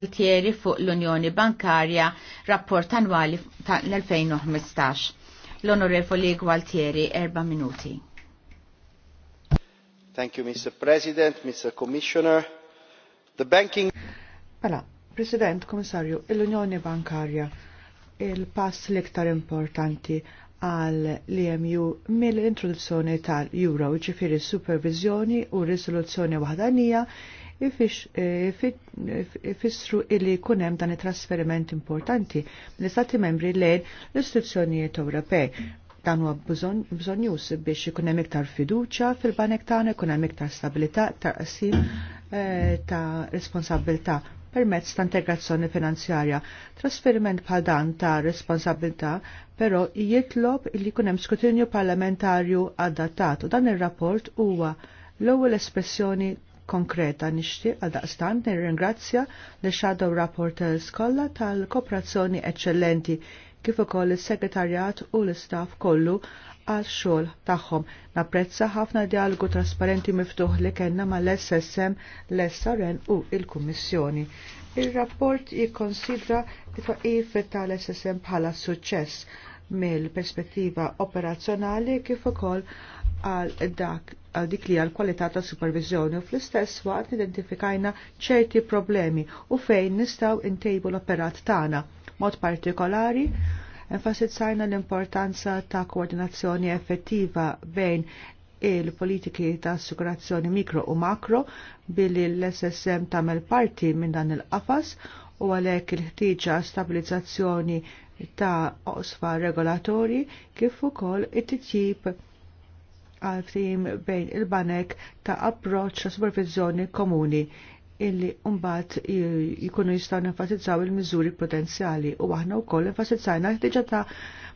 Altieri fuq l-Unjoni Bankarja rapport annwali l-2015. L-Onorevoli Gualtieri, erba minuti. Thank you, Mr. President, Mr. Commissioner. The banking... Pala, mela, President, Komissarju, l-Unjoni Bankarja, il-pass l-iktar importanti għal l-EMU mill-introduzzjoni tal-Euro, ġifiri supervizjoni u risoluzzjoni wahdanija ifissru eh, illi kunem dan it-trasferiment importanti l-Istati membri lejn l-istituzzjonijiet Ewropej. Dan huwa bżonjus biex ikun hemm iktar fiduċja fil-banek tagħna, ikun hemm iktar stabilità, taqsim eh, ta' responsabilità permezz ta' integrazzjoni finanzjarja. Trasferiment bħal dan ta' responsabilità però jitlob li jkun hemm skrutinju parlamentarju adattat u dan ir-rapport huwa l-ewwel espressjoni konkreta nixtieq għal daqstant nirringrazzja l shadow Rapporteurs kollha tal-kooperazzjoni eċċellenti kif ukoll is-segretarjat u l-istaff kollu għal xogħol tagħhom. Napprezza ħafna dialogu trasparenti miftuħ li kellna mal-SSM, l-SRN u il-Kummissjoni. Il-rapport jikkonsidra it-twaqif tal-SSM bħala suċċess mill-perspettiva operazzjonali kif ukoll għal dak għal dik li għal kwalità ta' supervizjoni u fl-istess waqt identifikajna ċerti problemi u fejn nistaw intejbu l-operat tagħna. Mod partikolari, enfasizzajna l-importanza ta' koordinazzjoni effettiva bejn il-politiki ta' assigurazzjoni mikro u makro billi l-SSM tamel parti minn dan il-qafas u għalhekk il-ħtieġa stabilizzazzjoni ta' osfa regolatori kif ukoll it-titjib għal tim bejn il-banek ta' approċċ ta' supervizjoni komuni illi mbagħad jikunu jistgħu nenfasizzaw il-miżuri potenzjali u aħna wkoll enfasizzajna ħtiġa ta'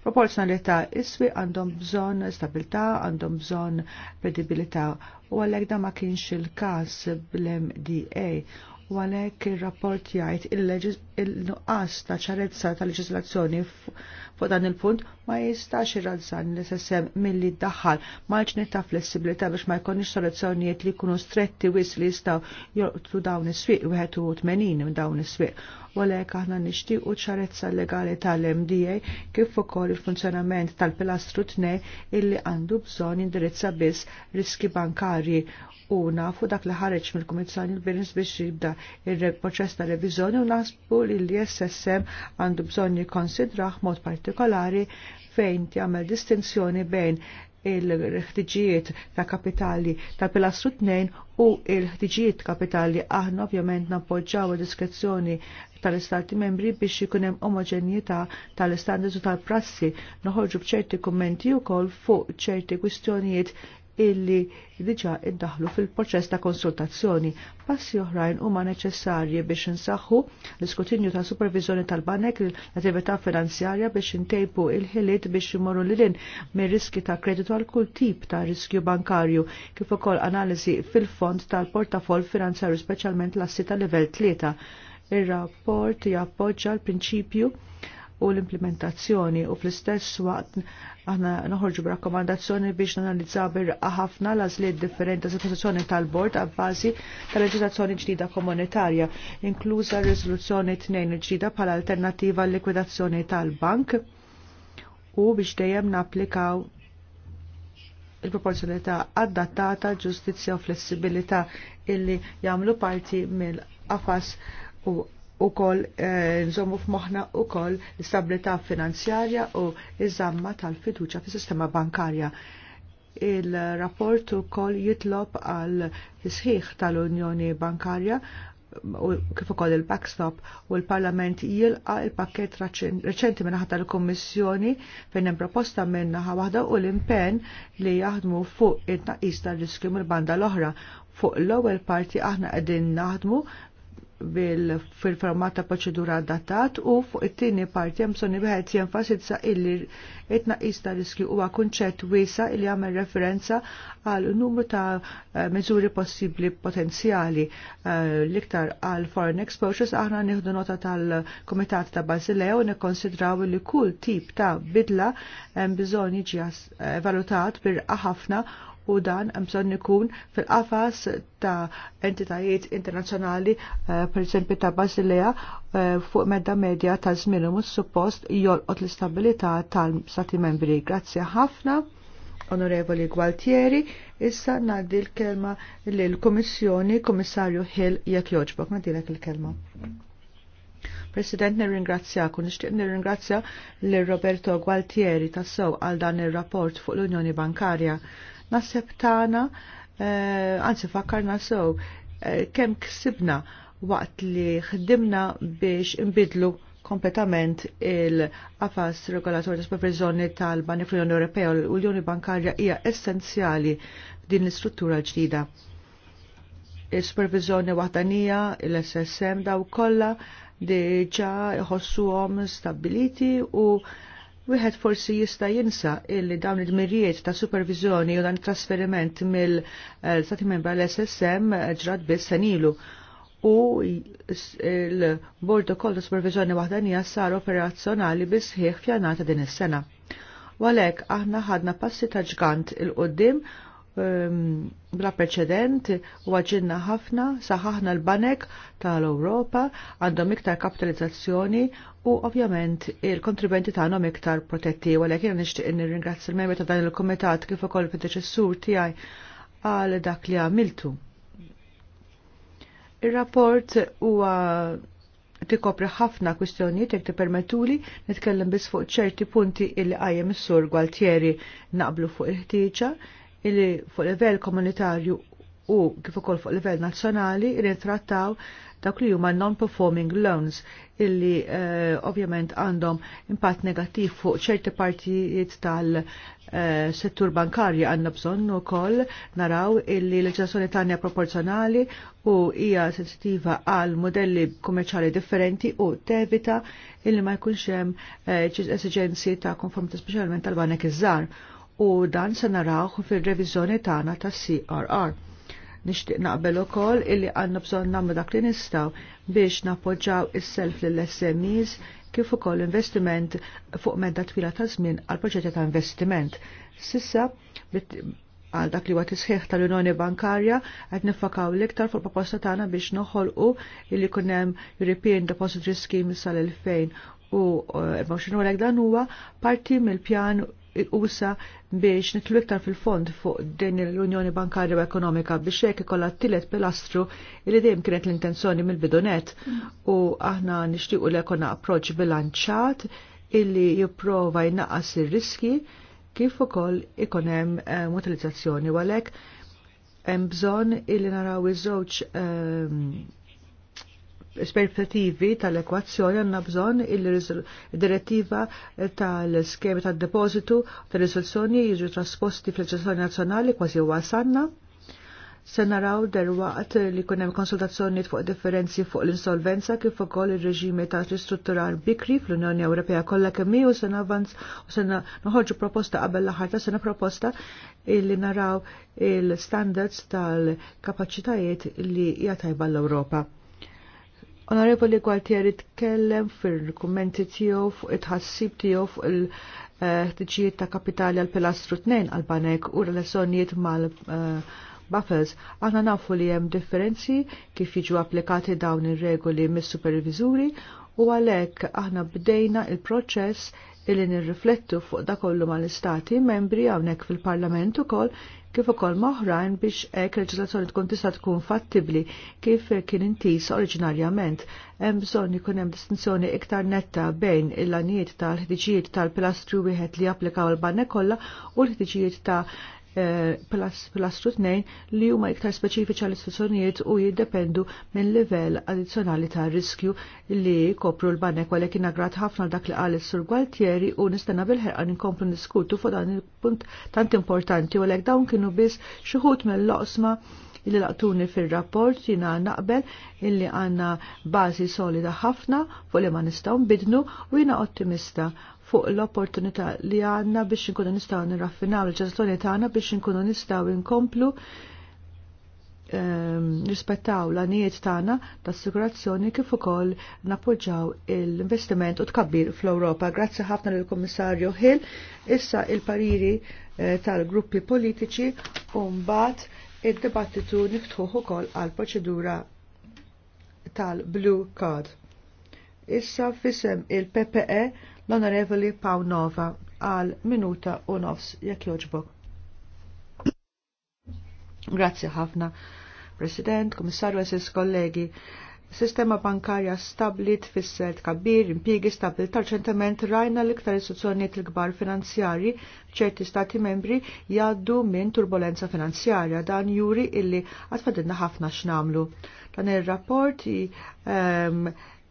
proporzjonalità iswi għandhom bżonn stabilità, għandhom bżonn predibilità. u għalhekk da ma kienx il-każ bl-MDA u għalhekk ir-rapport jgħid il-leġis il-nuqqas ta' ċarezza ta' leġislazzjoni fuq dan il-punt ma jistax irrazzan l ssm mill-li daħħal maġni ta' flessibilità biex ma jkunix soluzzjonijiet li jkunu stretti wis li jistaw jorqtu dawn is-swieq 81 minn dawn is-swieq. Walek aħna u ċarezza legali tal-MDA kif ukoll il-funzjonament tal-pilastru tnej illi għandu bżonn indirizza biss riski bankarji u nafu dak li ħareġ mill-Kummissjoni l-Business biex jibda il-proċess ta' reviżjoni u nasbu li l-ISSM għandu bżonn jikkonsidrah mod partikolari fejn jagħmel distinzjoni bejn il-ħtiġijiet ta' kapitali ta' pilastru 2 u il-ħtiġijiet kapitali aħna ovvjament nappoġġaw diskrezzjoni tal-istati membri biex ikun hemm omoġenjità tal-istandards u tal-prassi noħorġu b'ċerti kummenti wkoll fuq ċerti kwistjonijiet illi diġa iddaħlu fil-proċess ta' konsultazzjoni. Passi oħrajn huma neċessarji biex insaħħu l-iskutinju ta' supervizjoni tal-banek l-attività finanzjarja biex intejpu il-ħiliet biex imorru lilin mir riski ta' kreditu għal kull tip ta' riskju bankarju kif ukoll analiżi fil-fond tal-portafol finanzjarju speċjalment l-assi tal-livell 3. Ir-rapport jappoġġa l-prinċipju u l-implementazzjoni u fl-istess waqt aħna noħorġu b'rakkomandazzjoni biex nanalizzaw birqa ħafna l-għażliet differenti ta' situazzjoni tal-bord għabbażi tal-leġiżlazzjoni ġdida komunitarja, inkluża r-riżoluzzjoni tnejn ġdida bħala alternattiva l-likwidazzjoni tal-bank u biex dejjem napplikaw il-proporzjonalità adattata, ġustizzja u flessibilità illi jagħmlu parti mill-qafas u u kol eh, nżommu f'moħna u kol l-stabilità finanzjarja u iż-żamma tal-fiduċa fis sistema bankarja. Il-rapport u kol jitlob għal sħiħ tal-Unjoni Bankarja u kif ukoll il-backstop u l-Parlament jilqa il-pakket reċenti minn ħadd l-Kummissjoni fejn hemm proposta minn waħda u l-impenn li jaħdmu fuq it-tnaqqis tar-riskju mill-banda l-oħra. Fuq l-ewwel parti aħna qegħdin naħdmu fil-format ta' proċedura datat u fuq it-tieni parti hemm bżonn wieħed jenfasizza illi it-tnaqqis ta' riskju huwa kunċett wiesa li jagħmel referenza għal numru ta' eh, miżuri possibbli potenzjali eh, l-iktar għal foreign exposures aħna nieħdu nota tal-Kumitat ta' Basilea u nikkonsidraw li kull tip ta' bidla hemm bżonn jiġi eh, valutat bir ħafna u dan bżonn ikun fil-qafas ta' entitajiet internazzjonali, eh, per esempio ta' Basilea, eh, fuq medda medja ta' żmien mhux suppost jolqot l-istabilità tal-Stati membri. Grazie ħafna. Onorevoli Gualtieri, issa naddi l-kelma l-Komissjoni, Komissarju Hill, jek joġbok, naddi il-kelma. President, kun u nixtieq nirringrazzja l Roberto Gualtieri tassew għal dan ir-rapport fuq l-Unjoni Bankarja nasib tana, għanzi eh, fakkarna nasow, eh, kem ksibna waqt li ħdimna biex imbidlu kompletament il-qafas ta' supervizjoni tal-Bani fl-Unjoni Ewropea u l-Unjoni Bankarja hija essenzjali din l-istruttura ġdida. Il-supervizjoni waħdanija, il-SSM daw kollha diġà iħossuhom stabiliti u Wieħed forsi jista' jinsa illi dawn il-mirijiet ta' supervizjoni u dan trasferiment mill-Stati eh, Membra l-SSM eh, ġrad biss senilu u l bord ukoll ta' Supervizjoni waħdanija sar operazzjonali ħieħ fjanata din is-sena. Walek aħna ħadna passi ta' ġgant il-qoddim Ehm, bla preċedent u għagġinna ħafna, saħaħna l-banek tal-Europa għandhom iktar kapitalizzazzjoni u ovvjament il-kontribenti tagħhom iktar protetti. Għalhekk jiena nixtieq nirringrazzja l-membri ta' dan il-kumitat kif ukoll fid-deċessur tiegħi għal dak li għamiltu. Ir-rapport huwa tikopri ħafna kwistjonijiet jekk tippermettuli nitkellem biss fuq ċerti punti illi qajjem is-sur Gualtieri naqblu fuq il-ħtieġa illi fuq livell komunitarju u kif ukoll fuq livell nazzjonali irritrattaw dak li huma non-performing loans illi uh, ovvjament għandhom impatt negattiv fuq ċerti partijiet tal-settur uh, bankarji għandna bżonn ukoll naraw illi l-leġislazzjoni tagħna proporzjonali u hija sensittiva għal modelli kummerċjali differenti u tevita illi ma jkunx hemm uh, eh, esigenzi ta' konformità speċjalment tal-banek iż-żgħar u dan se narawħ fil-reviżjoni tagħna tas-CRR. Nixtieq naqbel ukoll illi għandna bżonn nagħmlu dak li nistgħu biex nappoġġaw is-self lill-SMEs kif ukoll investiment fuq medda twila ta' żmien għal proġetti ta' investiment. Sissa għal dak li huwa tisħiħ tal-Unjoni Bankarja qed nifakaw l-iktar fuq proposta tagħna biex noħolqu illi jkun hemm European Depository Scheme sal-2000 u 24 eh, dan huwa parti mill-pjan usa biex nitlu iktar fil-fond fuq din l-Unjoni Bankarja u Ekonomika biex hekk ikollha t-tielet pilastru li dejjem kienet l-intenzjoni mill-bidonet u aħna nixtiequ li jkollna approċċ bilanċat illi jipprova jnaqqas ir-riski kif ukoll ikun hemm utilizzazzjoni eh, mutilizzazzjoni għalhekk hemm bżonn illi naraw iż-żewġ ehm, perspettivi tal-ekwazzjoni għanna bżon il-direttiva tal-skemi tal-depositu tal-risoluzzjoni jiġu trasposti fl-leġislazzjoni nazzjonali kważi wasanna. Se naraw derwaqt li kunem konsultazzjoni fuq differenzi fuq l-insolvenza kif ukoll ir-reġimi ta' ristrutturar bikri fl-Unjoni Ewropea kollha kemm u se avanz u se noħorġu proposta qabel l-aħħar ta' sena proposta illi naraw il-standards tal-kapaċitajiet li hija tajba l-Ewropa Onorevoli Gualtieri tkellem fil-kummenti tiegħu fuq it-ħassib tiegħu fuq il-ħtiġijiet ta' kapitali għal pilastru 2 għal banek u relazzjonijiet mal buffers. Aħna nafu li hemm differenzi kif jiġu applikati dawn ir-regoli mis-supervizuri u għalhekk aħna bdejna il-proċess illi nirriflettu fuq da kollu mal-istati membri hawnhekk fil-Parlament ukoll kif ukoll moħrajn biex hekk leġislazzjoni tkun tista' tkun fattibbli kif kien intis oriġinarjament. Hemm bżonn ikun hemm distinzjoni iktar netta bejn il-lanijiet tal-ħtiġijiet tal-pilastru wieħed li applikaw il-banne kollha u l-ħtiġijiet ta' Eh, pilastru tnejn li huma iktar speċifiċi għall istituzzjonijiet u jiddependu minn livell addizzjonali ta' riskju li kopru l-banek għalhekk inagrat ħafna dak li qal sur Gualtieri u nistenna bil-ħerqa inkomplu niskutu fuq dan il-punt tant importanti u għalhekk dawn kienu biss xi mill-loqsma li laqtuni fil-rapport jina naqbel illi għanna bazi solida ħafna fuq li ma nistaw bidnu u jina ottimista fuq l-opportunità li għanna biex nkunu nistaw nirraffinaw il-ġazzloni tagħna biex nkunu nistaw inkomplu ehm, rispettaw l-għanijiet tagħna ta' sigurazzjoni kif ukoll nappoġġaw l-investiment u tkabbir fl-Ewropa. Grazzi ħafna lill kummissarju Hill. Issa il-pariri eh, tal-gruppi politiċi u mbagħad id-dibattitu niftħuh ukoll għall proċedura tal-Blue Card. Issa fisem il-PPE l-Onorevoli Nova għal minuta u nofs jekk joġbok. Grazzi ħafna, President, Komissarju, Assis, kollegi. Sistema bankarja stabli tfisser kabir impjiegi stabil tal-ċentament rajna l-iktar istituzzjonijiet l-kbar finanzjarji ċerti stati membri jaddu minn turbolenza finanzjarja dan juri illi għatfadilna ħafna x'namlu. Dan ir-rapport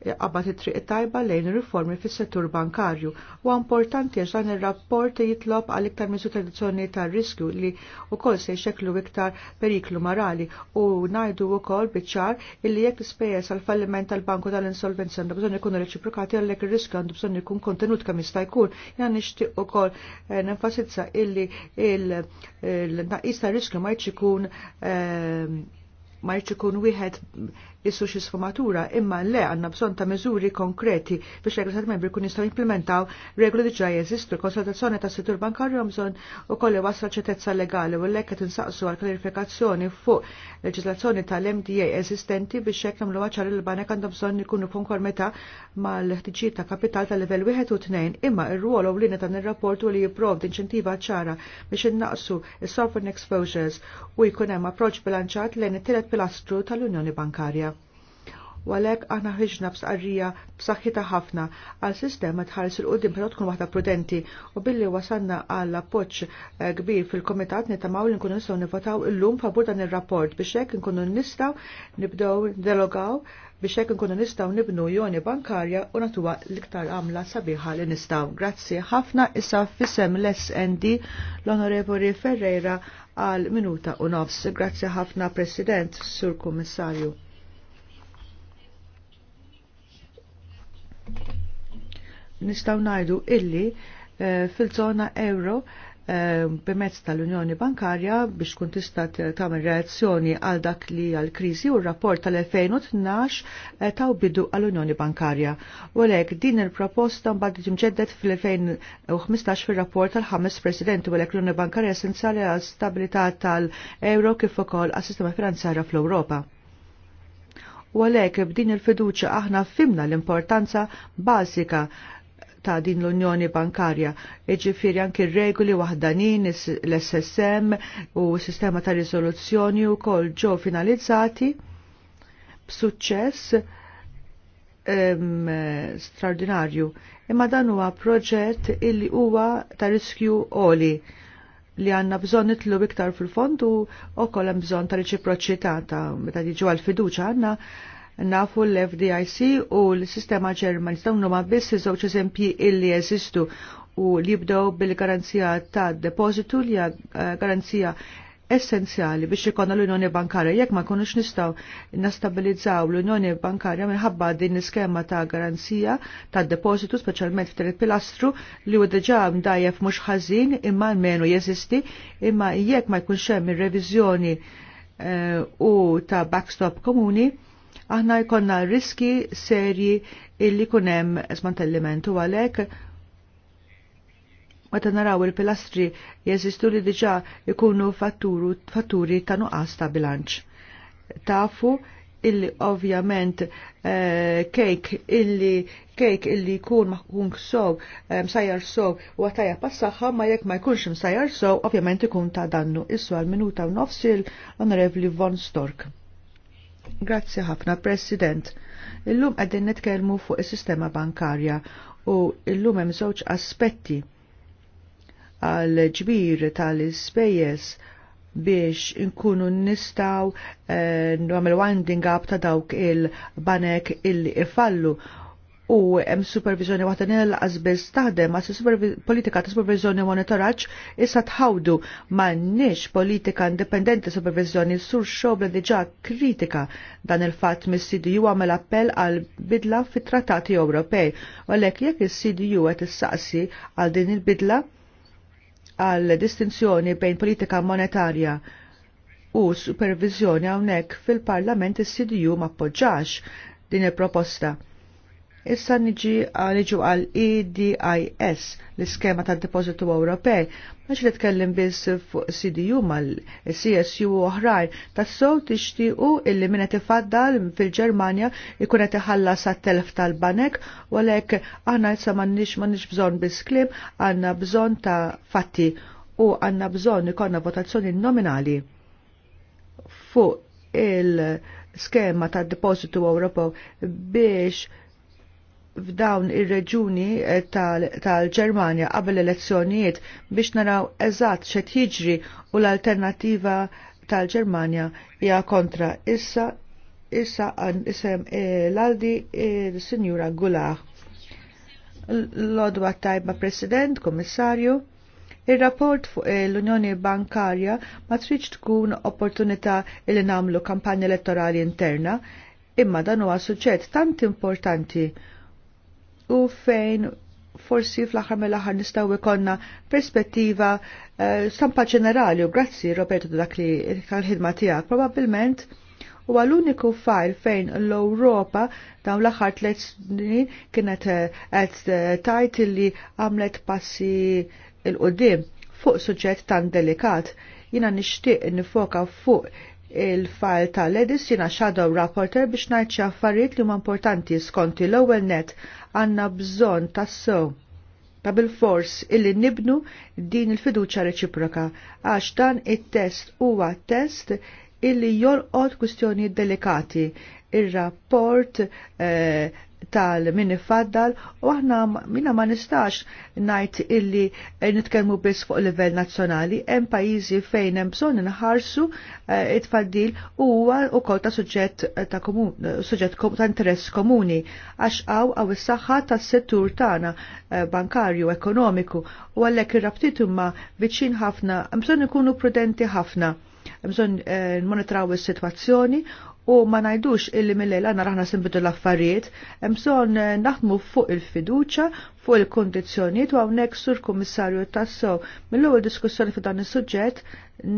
qabad it-triq tajba lejn riformi fis-settur bankarju. U importanti għax dan ir-rapport jitlob għal iktar miżu tradizzjoni tar-riskju li wkoll se jxeklu iktar periklu morali u ngħidu wkoll biċ-ċar illi jekk l għal falliment tal-banku tal-insolvenza għandu bżonn ikunu reċiprokati għalhekk ir-riskju għandu bżonn ikun kontenut kemm jista' jkun. Jan nixtieq ukoll nenfasizza illi il-naqis riskju ma jkun ma jkun wieħed issu xi sfumatura, imma le għandna bżonn ta' miżuri konkreti biex l-Egressat membri kun jistgħu implementaw regoli diġà jeżistu. Konsultazzjoni ta' settur bankarju bżonn kolli wasra ċetezza legali u l-lek qed insaqsu għal klarifikazzjoni fuq leġislazzjoni tal-MDA eżistenti biex hekk nagħmlu ċar il-banek għandhom bżonn konkormeta ma' mal-ħtiġijiet ta' kapital tal-livell wieħed u tnejn, imma r-ruol ewlieni tan il rapportu li jipprovdi inċentiva ċara biex innaqsu il sovereign exposures u jkun hemm approċċ l lejn it-tielet pilastru tal-Unjoni Bankarja u aħna ħiġna b'sqarrija b'saħħitha ħafna għal sistema tħares il qudiem però tkun waħda prudenti u billi wasanna għal appoġġ eh, kbir fil-komitat nitamaw li nkunu nistgħu nivotaw illum favur dan ir-rapport biex hekk nkunu nistgħu nibdew delogaw biex hekk nkunu nistgħu nibnu joni bankarja u natuha l-iktar għamla sabiħa li nistgħu. Grazzi ħafna issa fisem l-SND l-Onorevoli Ferreira għal minuta u nofs. Grazzi ħafna President, Sur Kummissarju. nistaw najdu illi eh, fil-zona euro eh, bimezz tal-Unjoni Bankarja biex kun tista' tagħmel reazzjoni għal dak li għal kriżi u r-rapport tal-2012 eh, taw bidu għall-Unjoni Bankarja. U għalhekk din il-proposta mbagħad ġimġeddet fil-2015 fir-rapport tal-ħames President u għalhekk l-Unjoni Bankarja essenzjali għal stabilità tal-euro kif ukoll għas-sistema finanzjarja fl-Ewropa u għalek b'din il-fiduċa aħna fimna l-importanza bażika ta' din l-Unjoni Bankarja. iġifiri anki regoli wahdanin l-SSM u s-sistema ta' riżoluzzjoni wkoll ġo finalizzati b'suċċess straordinarju. Imma dan huwa proġett illi huwa ta' riskju oli li għanna bżon nitlu iktar fil-fond u okol hemm bżon ta' reċiproċità ta' meta diġu għal fiduċa għandna nafu l-FDIC u l-sistema Ġermani. Dawn ma biss iż-żewġ eżempji illi jeżistu u li jibdew bil-garanzija ta' depositu li eh, garanzija essenzjali biex ikonna l-Unjoni Bankarja jekk ma konux nistaw nastabilizzaw l-Unjoni Bankarja minħabba din l-iskema ta' garanzija ta' depositu speċjalment f'tret pilastru li u diġà mdajjef mhux ħażin imma almenu jeżisti imma jekk ma jkunx hemm ir-reviżjoni eh, u ta' backstop komuni aħna jkonna riski serji illi kunem smantellimentu għalek meta naraw il-pilastri jeżistu li diġa jkunu fatturu, fatturi ta' nuqqas ta' bilanċ. Tafu illi ovvjament eh, kejk illi kejk illi jkun maħkun sow, eh, msajjar sow u għatajja passaxa ma jekk ma jkunx msajjar sow, ovvjament ikun ta' dannu. Issu għal minuta u nofsil onorevli Von Stork. Grazzi ħafna, President. Illum għaddin netkelmu fuq is-sistema bankarja u illum hemm żewġ aspetti għal ġbir tal-ispejjeż biex inkunu nistaw eh, nagħmel winding up ta' dawk il-banek illi ifallu u hemm supervizjoni waħda nilqas biss taħdem ma' politika ta' supervizjoni monitoraġġ issa tħawdu m'għandniex politika indipendenti supervizjoni sur xogħol diġà kritika dan il-fatt mis-CDU għamel appell għal bidla fit-trattati Ewropej. Għalhekk jekk is-CDU qed issaqsi għal din il-bidla għal distinzjoni bejn politika monetarja u supervizjoni hawnhekk fil-Parlament is-CDU ma poġġax din il-proposta. Issa niġi għaliġu għal EDIS, l-iskema tad depozitu Ewropej, għax li tkellim biss fuq CDU mal-CSU oħrajn, tassow u illi minna faddal fil-Germania ikun qed iħallas telf tal-banek, u għalhekk aħna issa m'għandniex m'għandniex bżonn biss klim, għandna bżonn ta' fatti u għandna bżonn ikonna votazzjoni nominali fuq il-skema tad depozitu Ewropew biex f'dawn ir-reġuni eh, tal-Ġermanja tal qabel elezzjonijiet biex naraw eżatt xed jiġri u l-alternativa tal-Ġermanja hija kontra issa issa għan isem eh, l-Aldi il-Sinjura eh, Gulah. L-Odwa Tajba President, Komissarju, Il-rapport fuq l-Unjoni Bankarja ma tridx tkun opportunità li namlu kampanja elettorali interna, imma dan huwa suċċett tant importanti u fejn forsi fl-axar mill-axar nistaw ikonna perspettiva uh, stampa ġenerali u grazzi Roberto dak li tal-ħidma tiegħek probabbilment u għal-uniku fajl fejn l-Europa dawn l-axar tliet snin kienet għed eh, eh, tajt li għamlet passi il-qudiem fuq suġġett tan delikat. Jina nixtieq nifoka fuq il-fajl tal-Edis jina Shadow Rapporter biex najċi affarijiet li huma importanti skont l-ewwel net għanna bżon tassew ta' bil-fors illi nibnu din il-fiduċa reċiproka, għax dan it-test huwa test illi jolqot kustjoni delikati. Ir-rapport eh, tal-min ifaddal u aħna minna ma nistax najt illi eh, nitkelmu biss fuq livell nazzjonali hemm pajjiżi fejn hemm bżonn inħarsu eh, it-tfaddil huwa wkoll ta' suġġett eh, ta' suġġett ta' interess komuni għax hawn għaw is-saħħa tas-settur tagħna bankarju ekonomiku u għalhekk ir-rabtiet huma viċin ħafna bżonn ikunu prudenti ħafna bżonn nmonitraw is-sitwazzjoni u ma najdux illi mill-lejl għanna raħna simbitu l-affarijiet, mson eh, naħdmu fuq il-fiduċa, fuq il-kondizjoniet u għawnek sur kummissarju tasso mill-ewwel diskussjoni f'dan il is-suġġett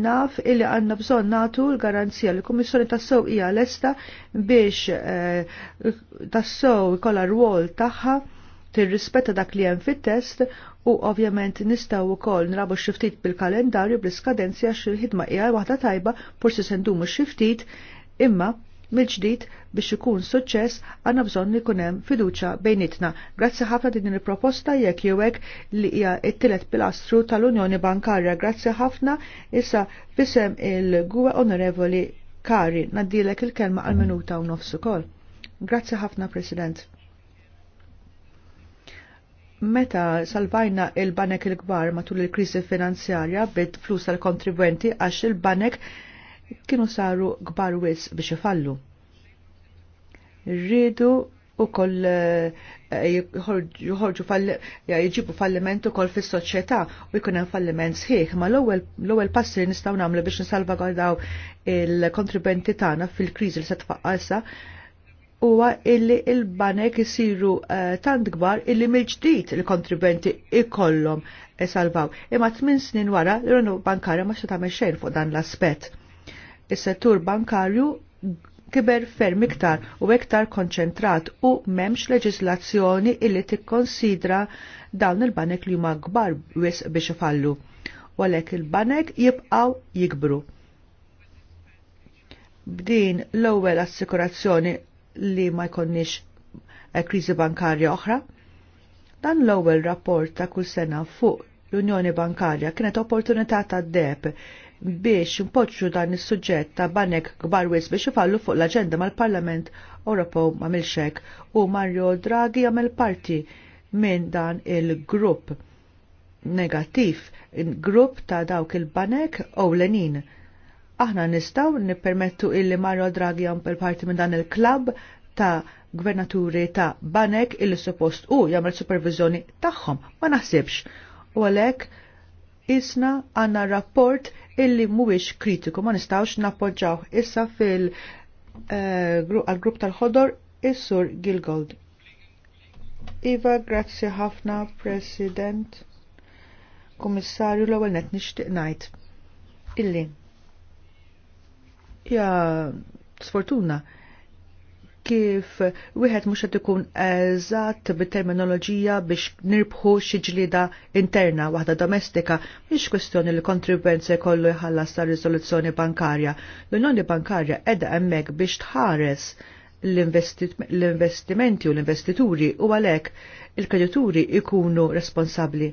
naf illi għanna bżon natu l-garanzija li kummissjoni tassew hija lesta biex eh, tassew ikolla rwol tagħha tir-rispetta dak li hemm fit-test u ovvjament nistaw ukoll nrabu xiftit bil-kalendarju bl-iskadenzja xil ħidma hija waħda tajba forsi sendumu xiftit imma mill-ġdid biex ikun suċċess għanna bżonn li jkun hemm fiduċja bejnietna. Grazzi ħafna din il-proposta jekk jew hekk li hija t-tielet pilastru tal-Unjoni Bankarja. Grazzi ħafna issa fisem il-Gwe Onorevoli Kari naddilek il-kelma għal minuta u nofsu kol. Grazzi ħafna, President. Meta salvajna il-banek il-gbar matul il-krisi finanzjarja bid flus tal-kontribwenti għax il-banek il banek kienu saru gbar wis biex ifallu. Rridu u koll eh, jħorġu jġibu falliment u koll fis soċjetà u jkun hemm falliment sħiħ, ma l-ewwel passi li nistgħu nagħmlu biex nisalvagardaw il-kontribenti tagħna fil-kriżi li se tfaqqasha huwa illi il-banek isiru eh, tant kbar illi mill-ġdid il-kontribenti ikollhom salvaw. Imma tmien snin wara l-Ronu Bankarja ma xi tagħmel xejn fuq dan l-aspett Is-settur bankarju kiber ferm iktar u iktar konċentrat u memx leġislazzjoni illi tikkonsidra dawn il-banek li huma kbar wis biex ifallu. Walek il-banek jibqaw jikbru. B'din l-ewwel assikurazzjoni li ma jkonniex eh, kriżi bankarja oħra, dan l-ewwel rapport ta' kull sena fuq l-Unjoni Bankarja kienet opportunità ta' deb biex impoċċu dan is-suġġett ta' banek kbar wis biex ifallu fuq l-aġenda mal-Parlament Ewropew ma' Milxek u Mario Draghi għamil parti minn dan il-grupp negattiv, grupp ta' dawk il-banek ewlenin. Aħna nistgħu nippermettu illi Mario Draghi għamil parti minn dan il-klabb ta' gvernaturi ta' banek illi suppost u jagħmel supervizjoni tagħhom, ma naħsibx. U għalhekk isna għandna rapport illi mhuwiex kritiku ma nistgħux nappoġġaw issa fil eh, għal-grupp tal-ħodor is-sur Gilgold. Iva, grazzi ħafna, President, Kummissarju l-ewwel net nixtieq ngħid. Illi. Ja, sfortuna kif wieħed mhux qed ikun eżatt bit-terminoloġija biex nirbħu xi ġlieda interna waħda domestika mhix kwestjoni li kontribwenz se jkollu jħallas ta' riżoluzzjoni bankarja. L-Unjoni Bankarja qiegħda hemmhekk biex tħares l-investimenti u l-investituri u għalhekk il-kredituri ikunu responsabbli.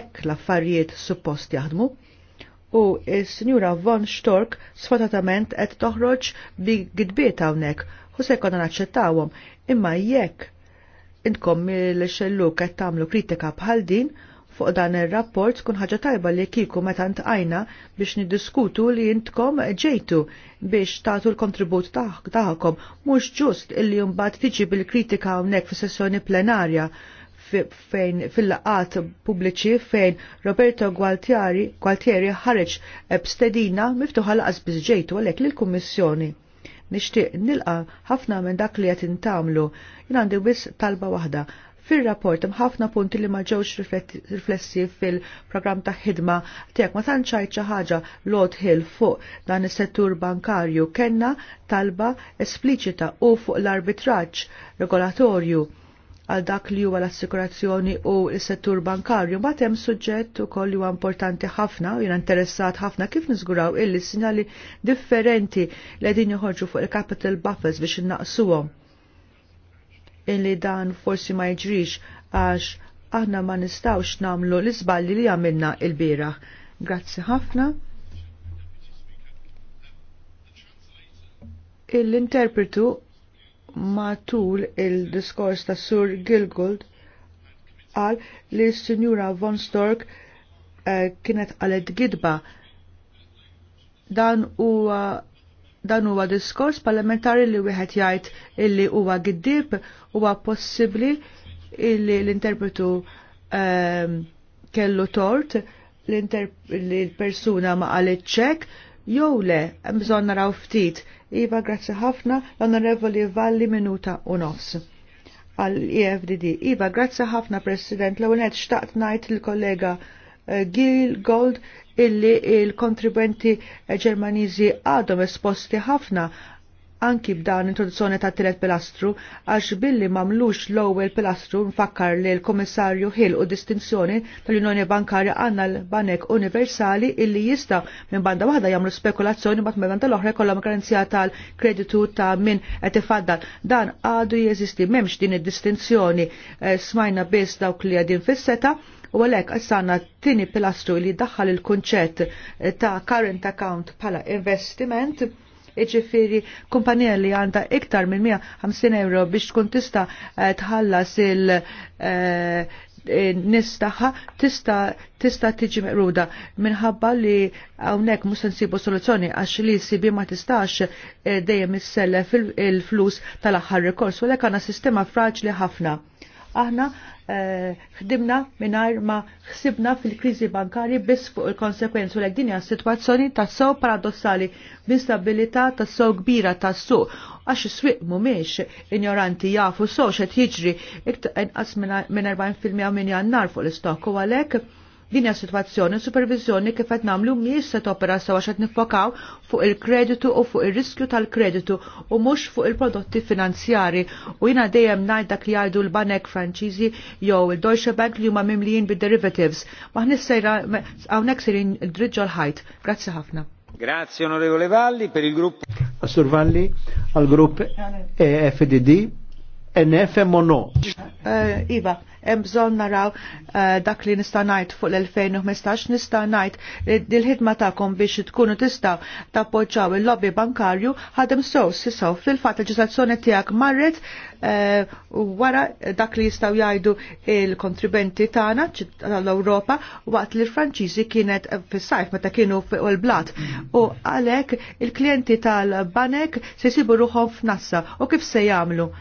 Ekk l-affarijiet suppost jaħdmu u s-Sinjura Von Stork sfatatament qed toħroġ bi gidbiet hawnhekk u se jkollna naċċettawhom imma jekk intkom mill-xellu qed tagħmlu kritika bħal din fuq dan ir-rapport kun ħaġa tajba li kiku meta ntqajna biex niddiskutu li intkom ġejtu biex tagħtu l-kontribut taħkom mhux ġust illi mbagħad tiġi bil-kritika hawnhekk fis-sessjoni plenarja fejn fil-laqat pubbliċi fejn Roberto Gualtieri, Gualtieri ħareġ b'stedina miftuħa laqas biżġejtu għalhekk lill-Kummissjoni. Nixtieq nilqa ħafna minn dak li qed intamlu. Jien għandi wis talba waħda. Fil-rapport ħafna punti li ma ġewx riflessi fil-programm ta' ħidma tiegħek ma tantxajt xi ħaġa Lord Hill fuq dan is-settur bankarju kenna talba espliċita u fuq l-arbitraġġ regolatorju għal dak li huwa l-assikurazzjoni u s-settur bankarju. ma hemm suġġett ukoll li huwa importanti ħafna u jiena interessat ħafna kif niżguraw illi sinjali differenti li din joħorġu fuq il-capital buffers biex innaqsuhom. Illi dan forsi ma jiġrix għax aħna ma nistawx namlu l-iżballi li għamilna il-biraħ. Grazzi ħafna. l interpretu matul il-diskors ta' Sur Gilgold qal li s-Sinjura Von Stork uh, kienet qalet gidba dan huwa dan huwa diskors parlamentari li wieħed jgħid illi huwa giddib huwa possibbli illi l-interpretu um, kellu tort li l-persuna ma għalet ċek jew le hemm bżonn naraw ftit Iva, grazzi ħafna, l-Onorevoli Valli minuta Unos għal EFDD. Iva, grazzi ħafna, President, l unet xtaqt najt il-kollega eh, Gil Gold illi il-kontribwenti ġermanizi għadhom esposti ħafna anki b'dan introduzzjoni ta' tielet pilastru għax billi mamlux l-ewwel pilastru mfakkar li l-Komissarju Hill u distinzjoni tal-Unjoni Bankarja għandna l-Banek Universali illi jista' minn banda waħda jagħmlu spekulazzjoni mat medan tal-oħra jkollhom garanzija tal-kreditu ta' min qed ifaddal. Dan għadu jeżisti m'hemmx din id-distinzjoni eh, smajna biss dawk li għadin fis-seta' u għalek għassanna t-tini pilastru li daħħal il-konċett ta' current account pala investiment Iġifiri, kumpanija li għanda iktar minn 150 euro biex tkun tista eh, tħallas il- eh, eh, nistaħa tista tista tiġi meqruda minħabba li hawnhekk mhux nsibu soluzzjoni għax li sibi ma tistax dejjem issellef fil flus tal-aħħar rikors u l għandna sistema fraġli ħafna aħna eh, ħdimna minar ma ħsibna fil-krizi bankari biss fuq il-konsekwenzu l dinja situazzjoni ta' sew paradossali b'instabilità ta' sew kbira ta' suq għax is-swieq mhumiex ignoranti jafu sew xed jiġri inqas minn 40% minn jannar fuq l-istokku għalhekk din hija sitwazzjoni supervizjoni kif qed nagħmlu mhijiex se topera sewa x'qed nifokaw fuq il-kreditu u fuq ir-riskju tal-kreditu u mhux fuq il-prodotti finanzjari u jiena dejjem ngħid dak li jgħidu l-banek Franċiżi jew il-Deutsche Bank li huma mimlijin bid-derivatives. Maħnis sejra hawnhekk serin driġġol ħajt. Grazzi ħafna. Grazie onorevole Valli per il gruppo. Assur Valli al gruppo e EFDD NF Mono. Uh, iva, hemm bżonn naraw eh, dak li nista' ngħid fuq l-2015 nista' ngħid dil-ħidma tagħkom biex tkunu tistgħu tappoġġaw il-lobby bankarju ħadem sew sisow. fil-fatt leġislazzjoni tiegħek marret eh, wara dak li jistgħu jgħidu il-kontribenti tagħna tal-Ewropa waqt li l-Franċiżi kienet fis-sajf meta kienu fuq il-blat u għalhekk il-klijenti tal-banek se jsibu ruħhom f'nassa u kif se jagħmlu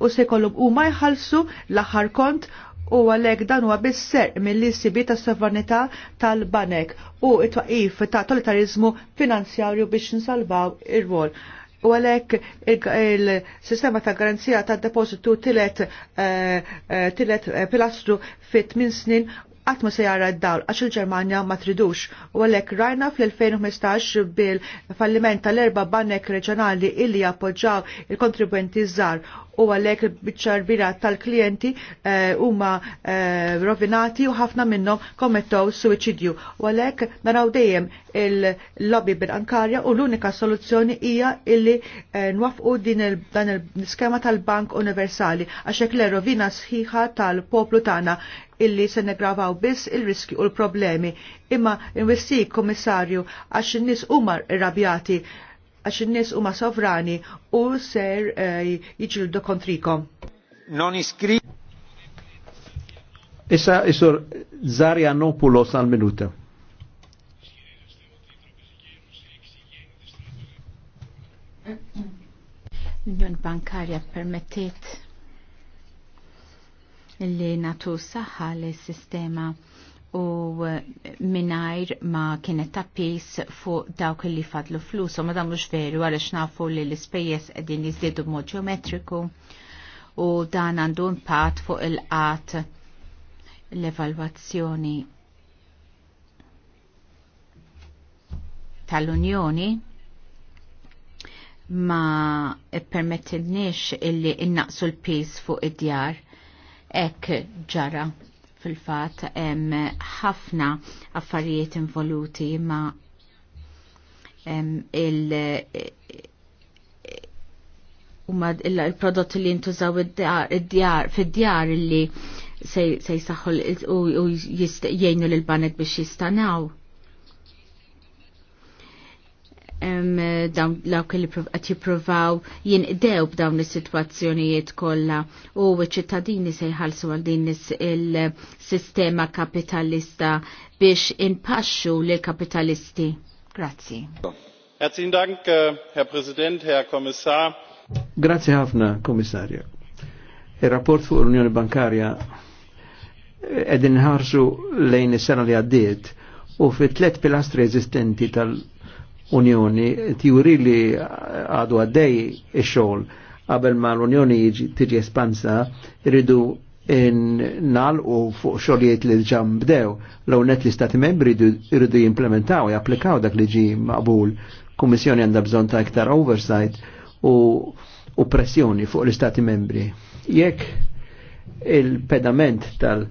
u se jkollhom huma jħallsu l-aħħar kont u għalek dan huwa għabisser mill lissibi ta' sovranità tal-banek u it-twaqif ta' totalitarizmu finanzjarju biex nsalvaw ir-rol. U għalek il-sistema ta' garanzija ta' depositu tilet, eh, eh, eh, pilastru fit min snin qatt ma se jara d-dawl għax il-Ġermanja ma tridux u għalhekk rajna fl-2015 bil-falliment tal-erba' banek reġjonali illi appoġġaw il-kontribwenti żgħar u għalhekk biċ-ċarbira tal-klijenti eh, huma eh, rovinati u ħafna minnhom kommettow suwiċidju. U għalhekk naraw dejjem il-lobby bil-ankarja u l-unika soluzzjoni hija illi eh, nwafqu din dan il-skema tal-Bank Universali għax hekk l-rovina sħiħa tal-poplu tagħna illi se negravaw biss il-riski u l-problemi. Imma investik komissarju għax in-nies huma irrabjati għax in-nies huma sovrani u ser eh, jiġildu kontrikom. Non iskri. Issa isur Zarja Nopulos għal minuta. Union Bankarja permettiet li natu saħħa l-sistema u minajr ma kienet tappis fuq dawk li fadlu flus u ma mhux veru għalix nafu li l ispejjeż edin jizdidu mod ġeometriku u dan għandu impatt fuq il-qat l-evalwazzjoni tal-Unjoni ma permettilniex illi innaqsu l-pis fuq id-djar ek ġara fil-fat hemm ħafna affarijiet involuti ma il huma il-prodotti li jintużaw id-djar fid-djar li se jsaħħu u jgħinu lil banek biex jistanaw dawn lawk li qed jippruvaw jinqdew b'dawn is-sitwazzjonijiet kollha u ċ-ċittadini se jħallsu għal din il-sistema kapitalista biex inpaxxu lil kapitalisti. Grazzi. Herzlichen Dank, äh, Herr Präsident, Herr Kommissar. Grazie ħafna, Kommissarja. Il-rapport fuq l-Unjoni Bankarja eh, ed ħarsu lejn is-sena li għaddiet u fit tlet pilastri eżistenti tal- Unjoni tiwri li għadu għaddej ix-xogħol qabel ma l-Unjoni tiġi espansa nal u fuq xogħlijiet li ġam bdew l net li stati membri irridu jimplementaw japplikaw dak li ġi maqbul kummissjoni għandha bżonn ta' iktar oversight u, u pressjoni fuq l-istati membri. Jekk il-pedament tal-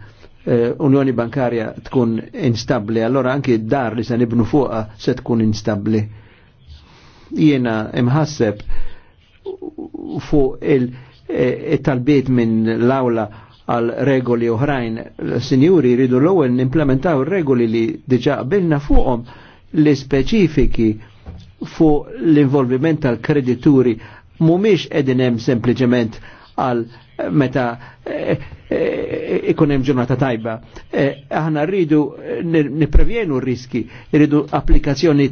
Eh, unjoni bankarja tkun instabli, allora anki dar li se nibnu fuqa se tkun instabli. Jiena imħasseb fuq il-talbiet eh, minn l-awla għal regoli oħrajn, sinjuri ridu l-ewwel implementaw regoli li diġa qabilna fuqhom li speċifiki fuq l-involviment tal-kredituri mhumiex edinem hemm sempliċement għal meta eh, eh, ikun hemm ġurnata tajba. Eh, aħna rridu niprevjenu r-riski, rridu applikazzjoni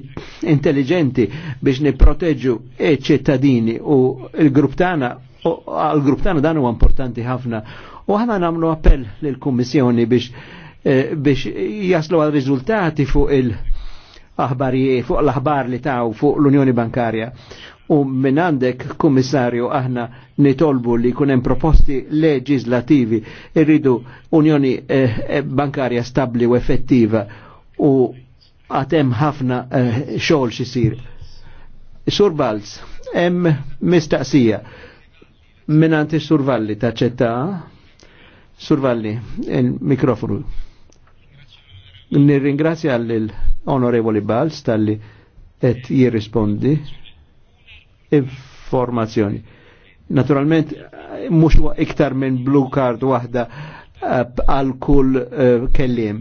intelligenti biex nipproteġu ċittadini u l-grupp tagħna għal-grupp tagħna dan huwa importanti ħafna. U aħna nagħmlu appell lill-Kummissjoni biex biex jaslu għal riżultati fuq il- aħbarijiet fuq l-aħbar li taw fuq l-Unjoni Bankarja u minn għandek kummissarju aħna nitolbu li kunem proposti leġislativi irridu unjoni eh, bankarja stabli u effettiva u għatem ħafna eh, xogħol xisir. Sur Balz, hemm mistaqsija minn għanti Survalli taċċetta. Survalli, il-mikrofonu. Nirringrazja l-Onorevoli Balz tal-li et jirrispondi informazzjoni. Naturalment, mux iktar minn blue card wahda eh, għal kull eh, kellim.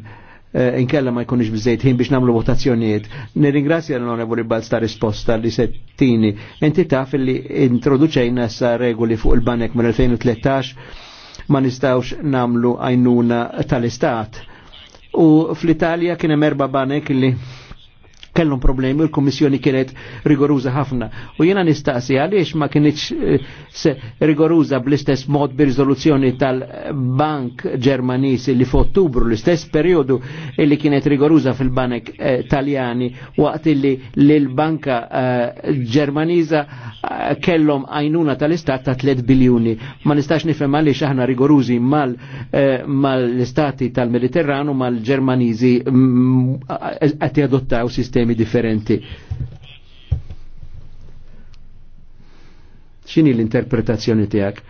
Eh, inkella ma jkunix bżejt ħin biex namlu votazzjonijiet. Nirringrazzja l-onorevoli Balz ta' risposta li settini. Inti taf li introduċejna sa regoli fuq il-banek mill-2013 ma nistawx namlu għajnuna tal-istat. U fl-Italja kien hemm erba' banek li kellhom problemi u l-Kummissjoni kienet rigoruża ħafna. U jiena nistaqsi għaliex ma eh, se rigoruża bl-istess mod bi riżoluzzjoni tal-Bank Ġermanisi li f'Ottubru l-istess periodu li kienet rigoruża fil-Banek eh, Taljani waqt li l-Banka eh, Ġermaniża kellhom għajnuna tal-Istat ta' 3 biljuni. Ma nistax nifhem għaliex aħna rigorużi mal-istati tal-Mediterranu mal-Ġermaniżi mm, qed jadottaw sistemi problemi differenti. ċini l-interpretazzjoni tijak?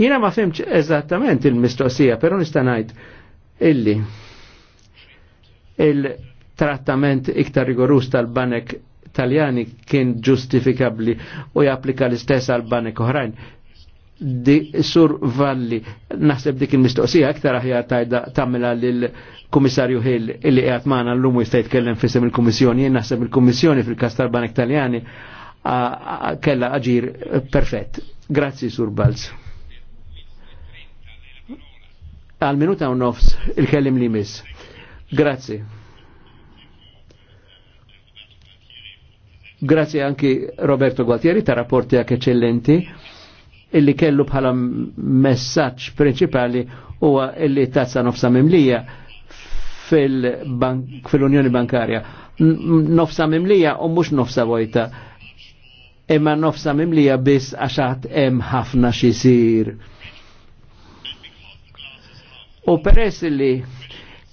Jina ma femċ eżattament il-mistoqsija, pero nistanajt illi il-trattament iktar rigorus tal-banek taljani kien ġustifikabli u japplika l-istess għal banek oħrajn di Sur Valli. Naħseb dik il-mistoqsija aktar aħjar tajda tamela lill-Kummissarju Hill illi qiegħed magħna llum jista' jitkellem fisem il-Kummissjoni. Jien naħseb il-Kummissjoni fil kastar tal-Banek Taljani kella aġir perfett. Grazzi Sur Balz. Għal minuta u nofs il-kellim li miss. Grazzi. Grazie anche Roberto Gualtieri, ta' rapporti anche eccellenti illi kellu bħala messaġġ prinċipali huwa illi tazza nofsa mimlija fil-Unjoni fil Bankarja. Nofsa mimlija u mhux nofsa vojta. Imma nofsa mimlija biss għaxat hemm ħafna xisir. U peress li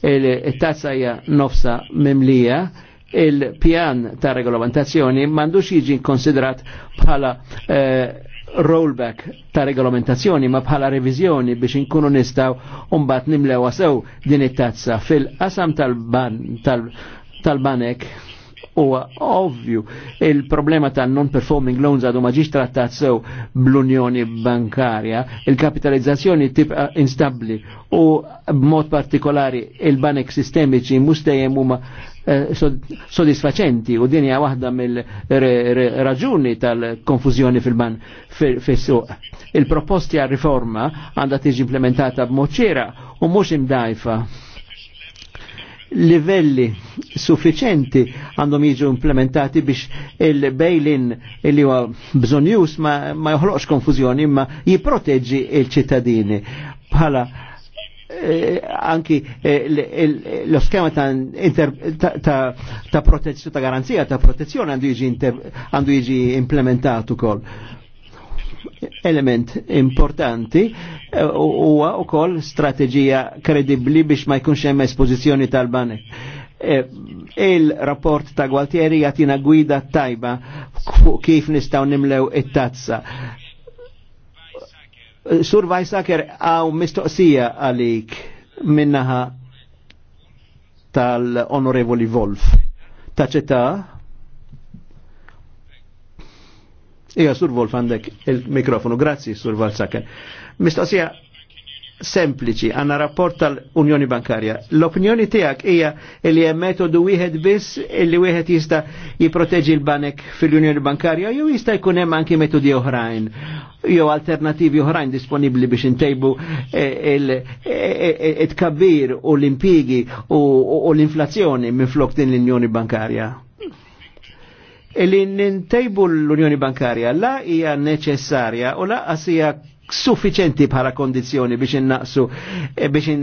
il-tazza hija nofsa mimlija, il-pjan ta' regolamentazzjoni mandux jiġi konsiderat bħala eh, rollback ta' regolamentazzjoni ma bħala revizjoni biex inkunu nistaw umbat nimlew sew din it-tazza fil-qasam tal-banek tal huwa ovvju il-problema ta' non-performing loans għadu maġiġ trattat sew bl-Unjoni Bankarja, il-kapitalizzazzjoni tibqa instabli u b'mod partikolari il-banek sistemiċi mhux u huma Eh, sodisfaċenti u dinja waħda mill-raġuni tal-konfuzjoni fil-ban fil suq Il-proposti għal riforma għandha tiġi implementata b'moċċera u mux imdajfa livelli suffiċenti għandhom jiġu implementati biex il-bail-in li huwa bżonjus ma, ma joħloqx konfużjoni imma jipproteġġi il-ċittadini bħala Eh, anki eh, lo schema ta' protezzjoni ta' garanzija ta' protezione għandu jiġi implementatu kol element importanti eh, u kol strateġija kredibli biex ma jkunx hemm esposizjoni tal bane Il-rapport ta' Gualtieri jatina gwida tajba kif nistaw nimlew it-tazza Sur Vajsaker għaw mistoqsija għalik minnaħa tal-onorevoli Wolf. Taċeta? Ija, Sur Wolf għandek il-mikrofonu. Grazzi, Sur Vajsaker. Mistoqsija sempliċi, għanna rapport tal-Unjoni Bankarja. L-opinjoni tijak hija li jem metodu wieħed biss li wieħed jista' jiproteġi l-banek fil-Unjoni Bankarja jew jista' jkunem hemm anki metodi oħrajn jew alternativi oħrajn disponibli biex intejbu eh, il-tkabbir eh, eh, u l-impigi u l-inflazzjoni minn flok din l-Unjoni Bankarja il li nintejbu l-Unjoni Bankarja la hija neċessarja u la hija suffiċenti bħala kondizjoni biex innaqsu eh, biex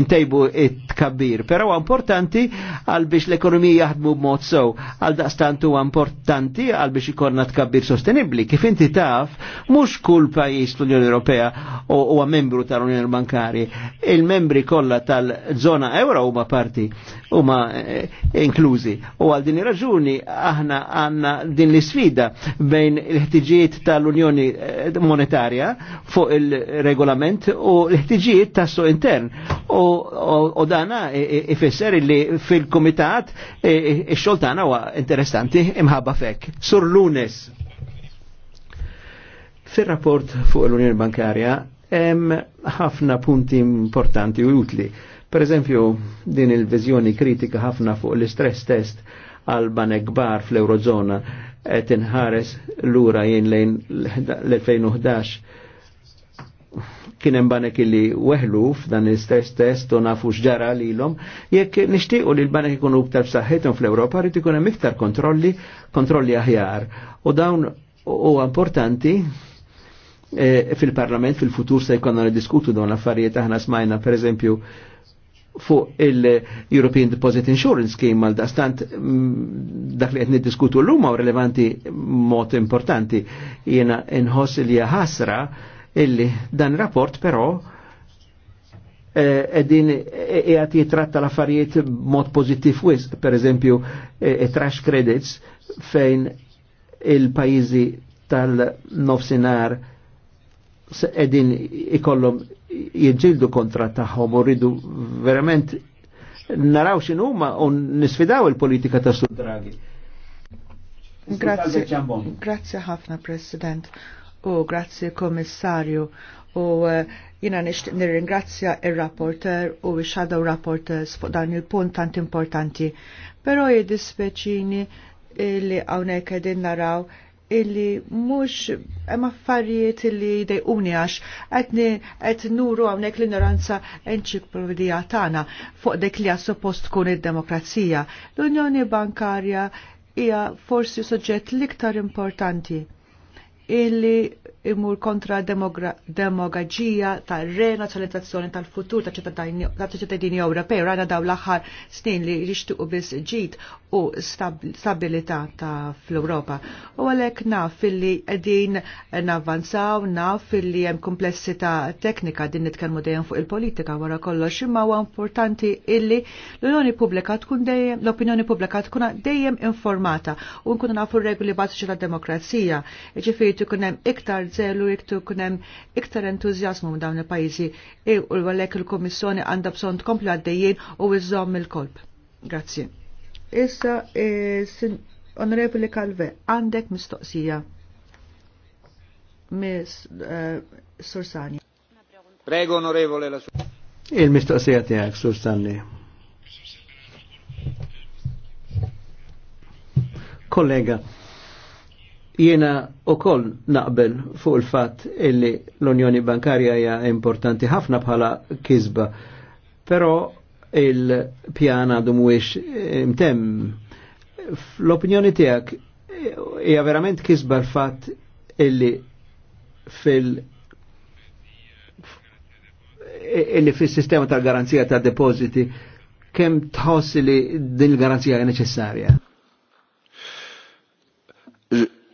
intejbu it-kabbir. Però huwa importanti għal biex l-ekonomija jaħdmu b'mod sew, għal daqstant huwa importanti għal biex ikorna tkabbir sostenibbli. Kif inti taf, mhux kull pajjiż l-Unjoni Ewropea huwa membru tal-Unjoni Bankari. Il-membri kollha tal-żona euro huma parti huma eh, inklużi. U għal din raġuni aħna għandna din l-isfida bejn il-ħtiġijiet tal-Unjoni eh, Monetarja fuq il-regolament u l-ħtiġijiet tas-su intern. U dana ifisser li fil-komitat ix-xoltana huwa interessanti imħabba fek. Sur Lunes. Fil-rapport fuq l-Unjoni Bankarja hemm ħafna punti importanti u utli Per eżempju, din il-vizjoni kritika ħafna fuq l-istress test għal banek fl-Eurozona qed inħares lura jien lejn l-2011 kien hemm banek illi weħlu f'dan il-stress test u nafu x'ġara lilhom, jekk nixtiequ li l-banek ikunu iktar b'saħħithom fl-Ewropa rid ikun hemm iktar kontrolli, kontrolli aħjar. U dawn huwa importanti eh, fil-parlament fil-futur se jkonna diskutu dawn l-affarijiet aħna smajna per eżempju fuq il-European Deposit Insurance Scheme għal dastant mm, dak li għetni diskutu l-lum relevanti mod importanti jena inħoss li jahasra illi dan rapport però edin eh, jgħat jitratta l-affarijiet mod pozittif wis, per eżempju, eh, eh, trash credits fejn il-pajizi tal-nofsinar edin ikollom jġildu kontra taħħom u rridu verament naraw xinu ma u nisfidaw il-politika ta' sud Draghi. Grazie, grazie ħafna President u grazie Komissarju u eh, jina nishtiq nirringrazzja il-rapporter u il-shadow rapporter fuq dan il-punt tant importanti. Pero jidispeċini li għawnek edin naraw illi mux hemm affarijiet illi dejquni għax qed nuru hawnhekk l-ignoranza enċiklopedija tagħna fuq dik li suppost tkun id-demokrazija. L-Unjoni Bankarja hija forsi soġġett l-iktar importanti illi imur kontra demagogija ta' renazzjonalizzazzjoni tal-futur ta' ċittadini Ewropej rana daw l-aħħar snin li jixtiqu biss ġid u stabilità ta' fl-Ewropa. U għalhekk naf filli qegħdin navvanzaw, naf li hemm komplessità teknika din nitkellmu dejjem fuq il-politika wara kollox, imma huwa importanti illi l-Unjoni Pubblika tkun dejjem l-opinjoni pubblika tkun dejjem informata u nkunu nafu regoli bażiċi tad-demokrazija. Ġifieri tkun hemm iktar zelu iktu kunem iktar entuzjasmu dawn il-pajizi e u l-għalek il-Komissjoni għanda bżon tkompli għaddejjien u iżżomm il-kolb. Grazie. Issa, e, Onorevoli Kalve, għandek mistoqsija. Miss e, Sursani. Prego, onorevole, la sua. Il-mistoqsija tijak, Sursani. Kollega, Jiena u koll naqbel fuq il-fat illi l-Unjoni Bankarja hija importanti ħafna bħala kizba, però il-pjana għadu mwix imtem. Eh, L-opinjoni tiegħek hija verament kisba l-fatt illi fil- illi fil-sistema tal-garanzija tal-depositi kemm tħoss li din il-garanzija hija neċessarja?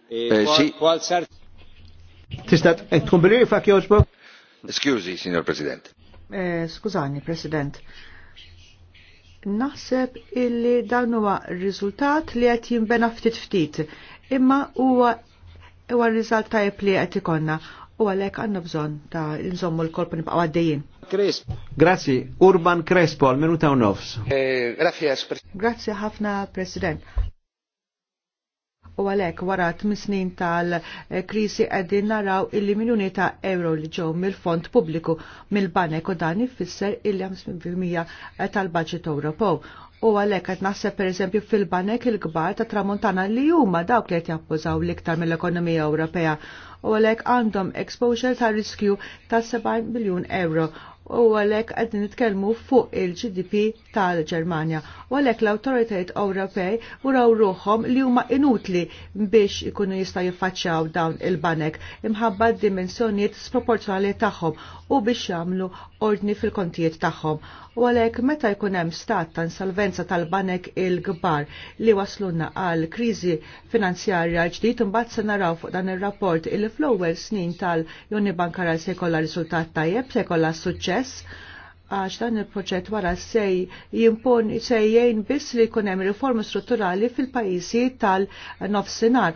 Eh, eh, Tista' eh, tkun bil fak joġbok? Skużi, Signor President. Skużani, President. Naħseb illi dan huwa rizultat li qed jinbena ftit ftit, imma huwa huwa riżalt tajb li qed ikonna u għalek għanna bżon ta' nżommu l-kolp nibqgħu għaddejjin. Grazzi, Urban Crespo, minuta u nofs. Grazzi ħafna, President. U għalek wara t snin tal-krisi għedin naraw illi miljoni ta' euro li ġew mill-fond pubbliku mill-banek u dan ifisser illi 5 tal-budget Ewropew. U għalek għed naħseb per eżempju fil-banek il-gbar ta' tramontana li huma dawk li għed jappużaw liktar mill-ekonomija Ewropea. U għalek għandhom exposure ta' riskju ta' 7 miljon euro u għalek għed nitkelmu fuq il-GDP tal-Ġermanja. U għalek l-autoritajt Ewropej uraw ruħom li huma inutli biex ikunu jista' jiffaċċjaw dawn il-banek imħabba dimensjonijiet sproporzjonali tagħhom u biex jagħmlu ordni fil-kontijiet tagħhom. U għalek meta jkun hemm stat ta' insolvenza tal-banek il-kbar li waslunna għal kriżi finanzjarja ġdid imbagħad se naraw fuq dan ir-rapport il-flowel snin tal juni Bankara se jkollha riżultat tajjeb, se jkollha suċċess suċċess għax dan il-proġett wara sej jimpon sejjejn biss li jkun hemm riformi strutturali fil-pajjiżi tal-nofsinhar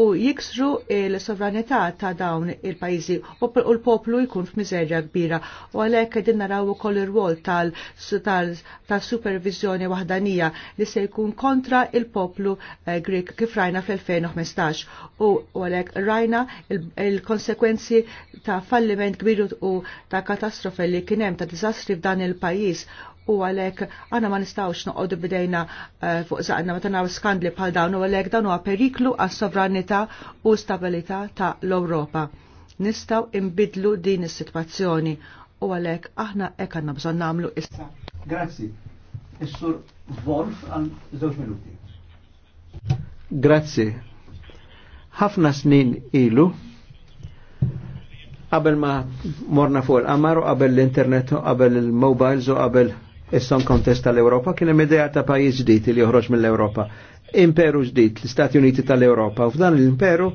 u jiksru l-sovranità ta' dawn il-pajjiżi u l-poplu jkun f'miżerja kbira. U għalhekk qegħdin naraw ukoll ir-rwol tal-supervizjoni waħdanija li se jkun kontra il-poplu eh, Grik kif rajna fl-2015. U għalhekk rajna il-konsekwenzi ta' falliment kbir u ta' katastrofe li kien hemm ta' diżastri f'dan il pajis u għalek għana ma nistawx noqodu bidejna eh, fuq zaqna ma tanaw skandli bħal dawn u għalek dan huwa periklu għas sovranità u stabilità ta' l-Ewropa. Nistaw imbidlu din is-sitwazzjoni u għalek aħna hekk għandna bżonn nagħmlu issa. Grazzi. Is-sur Wolf għan żewġ minuti. Grazzi. Ħafna snin ilu qabel ma morna fuq il-qamar u qabel l-internet u qabel il-mobiles u qabel is-son kontest tal europa kien hemm idea ta' pajjiż ġdid li joħroġ mill-Ewropa. Imperu ġdid, l-Istati Uniti tal-Ewropa. U f'dan l-imperu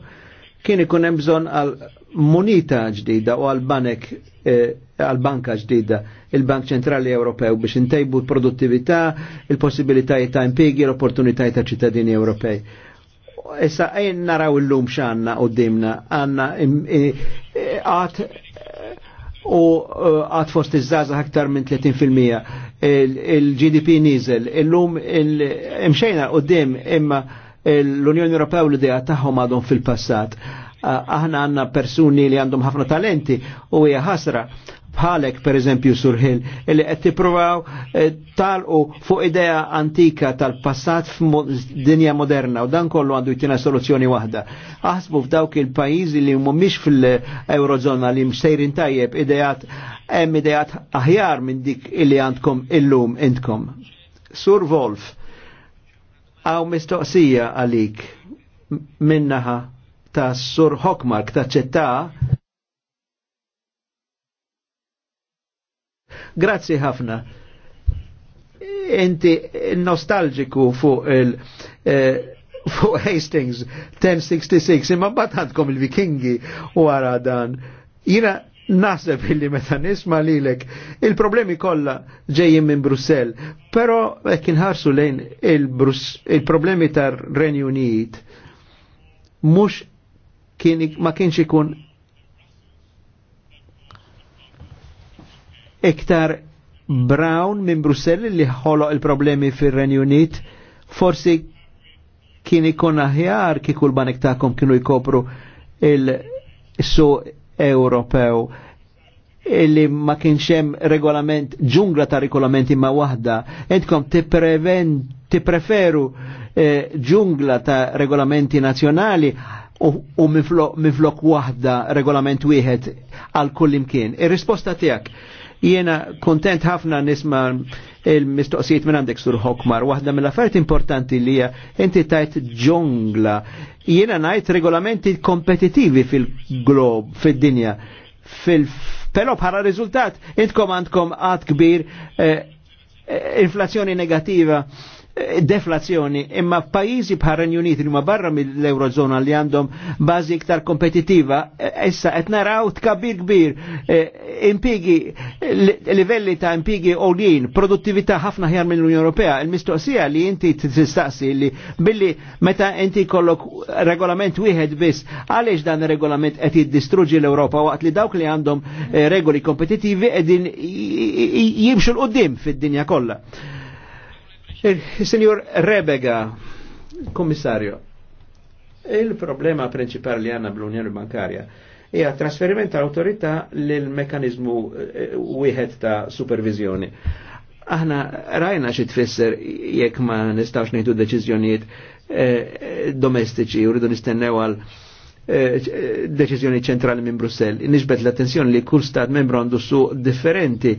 kien ikun hemm bżonn għal munita ġdida u għal banek eh, għal banka ġdida, il-Bank Ċentrali Ewropew biex intejbu l-produttività, il-possibilitajiet ta' impiegi, l-opportunitajiet ta' ċittadini Ewropej. Issa għajn naraw il-lum xanna u dimna, għanna għat u uh, għad fost iż-żaza aktar minn 30% il-GDP nizel. Illum imxejna qudiem imma l-Unjoni Ewropea u l-idea tagħhom għadhom fil-passat. Uh, aħna għandna persuni li għandhom ħafna talenti u hija ħasra bħalek per eżempju surħil illi qed tippruvaw eh, talqu fuq idea antika tal-passat f'dinja moderna u dan kollu għandu jtina soluzzjoni waħda. Aħsbu f'dawk il-pajjiżi li mhumiex fil-Eurozona li msejrin tajjeb idejat hemm idejat aħjar minn dik illi għandkom illum intkom. Sur Wolf, għaw mistoqsija għalik minnaħa ta' Sur Hokmark ta' ċetta Grazzi ħafna. Inti nostalġiku fuq il- eh, fuq Hastings 1066 imma bat għandkom il-Vikingi wara dan. Jina naħseb illi meta nisma lilek il-problemi kollha ġejjin minn Brussell, però jekk inħarsu lejn il-problemi il tar-Renju Unit mhux ma kienx ikun iktar Brown minn Brussell li ħoloq il-problemi fir-Renju Unit forsi kien ikun aħjar kieku l-banek kienu jkopru il-su Ewropew illi ma kienx hemm regolament ġungla ta' regolamenti ma' waħda. Edkom tippreferu preferu eh, ġungla ta' regolamenti nazzjonali u miflok waħda regolament wieħed għal kullimkien. Ir-risposta tiegħek Jiena kontent ħafna nisma il-mistoqsijiet minn għandek sur Hokmar. Waħda mill-affarijiet importanti li hija inti tajt ġongla. Jiena ngħid regolamenti kompetitivi fil-glob, fid-dinja. Fil Però bħala riżultat intkom għandkom għad kbir eh, eh inflazzjoni negativa deflazzjoni imma pajjiżi bħal Renju Uniti li ma barra mill-Eurozona li għandhom bażi iktar kompetittiva e, issa qed naraw tkabbir kbir e, impigi livelli ta' impigi għolin, produttività ħafna ħjar mill-Unjoni Ewropea. Il-mistoqsija li inti tistaqsi li billi meta inti kollok regolament wieħed biss għaliex dan ir-regolament qed jiddistruġi l-Ewropa waqt li dawk li għandhom e, regoli kompetittivi qegħdin jimxu l-qudiem fid-dinja kollha. Signor Rebega, Commissario. il-problema principali li għanna bl-Unjoni Bankarja hija trasferiment tal autorità lil mekanizmu eh, wieħed ta' supervizjoni. Aħna rajna xi tfisser jekk ma nistgħux ngħidu deċiżjonijiet eh, domestiċi u rridu nistennew għal eh, deċiżjoni ċentrali minn Brussell. Nixbet l-attenzjoni li kull stat membru għandu su differenti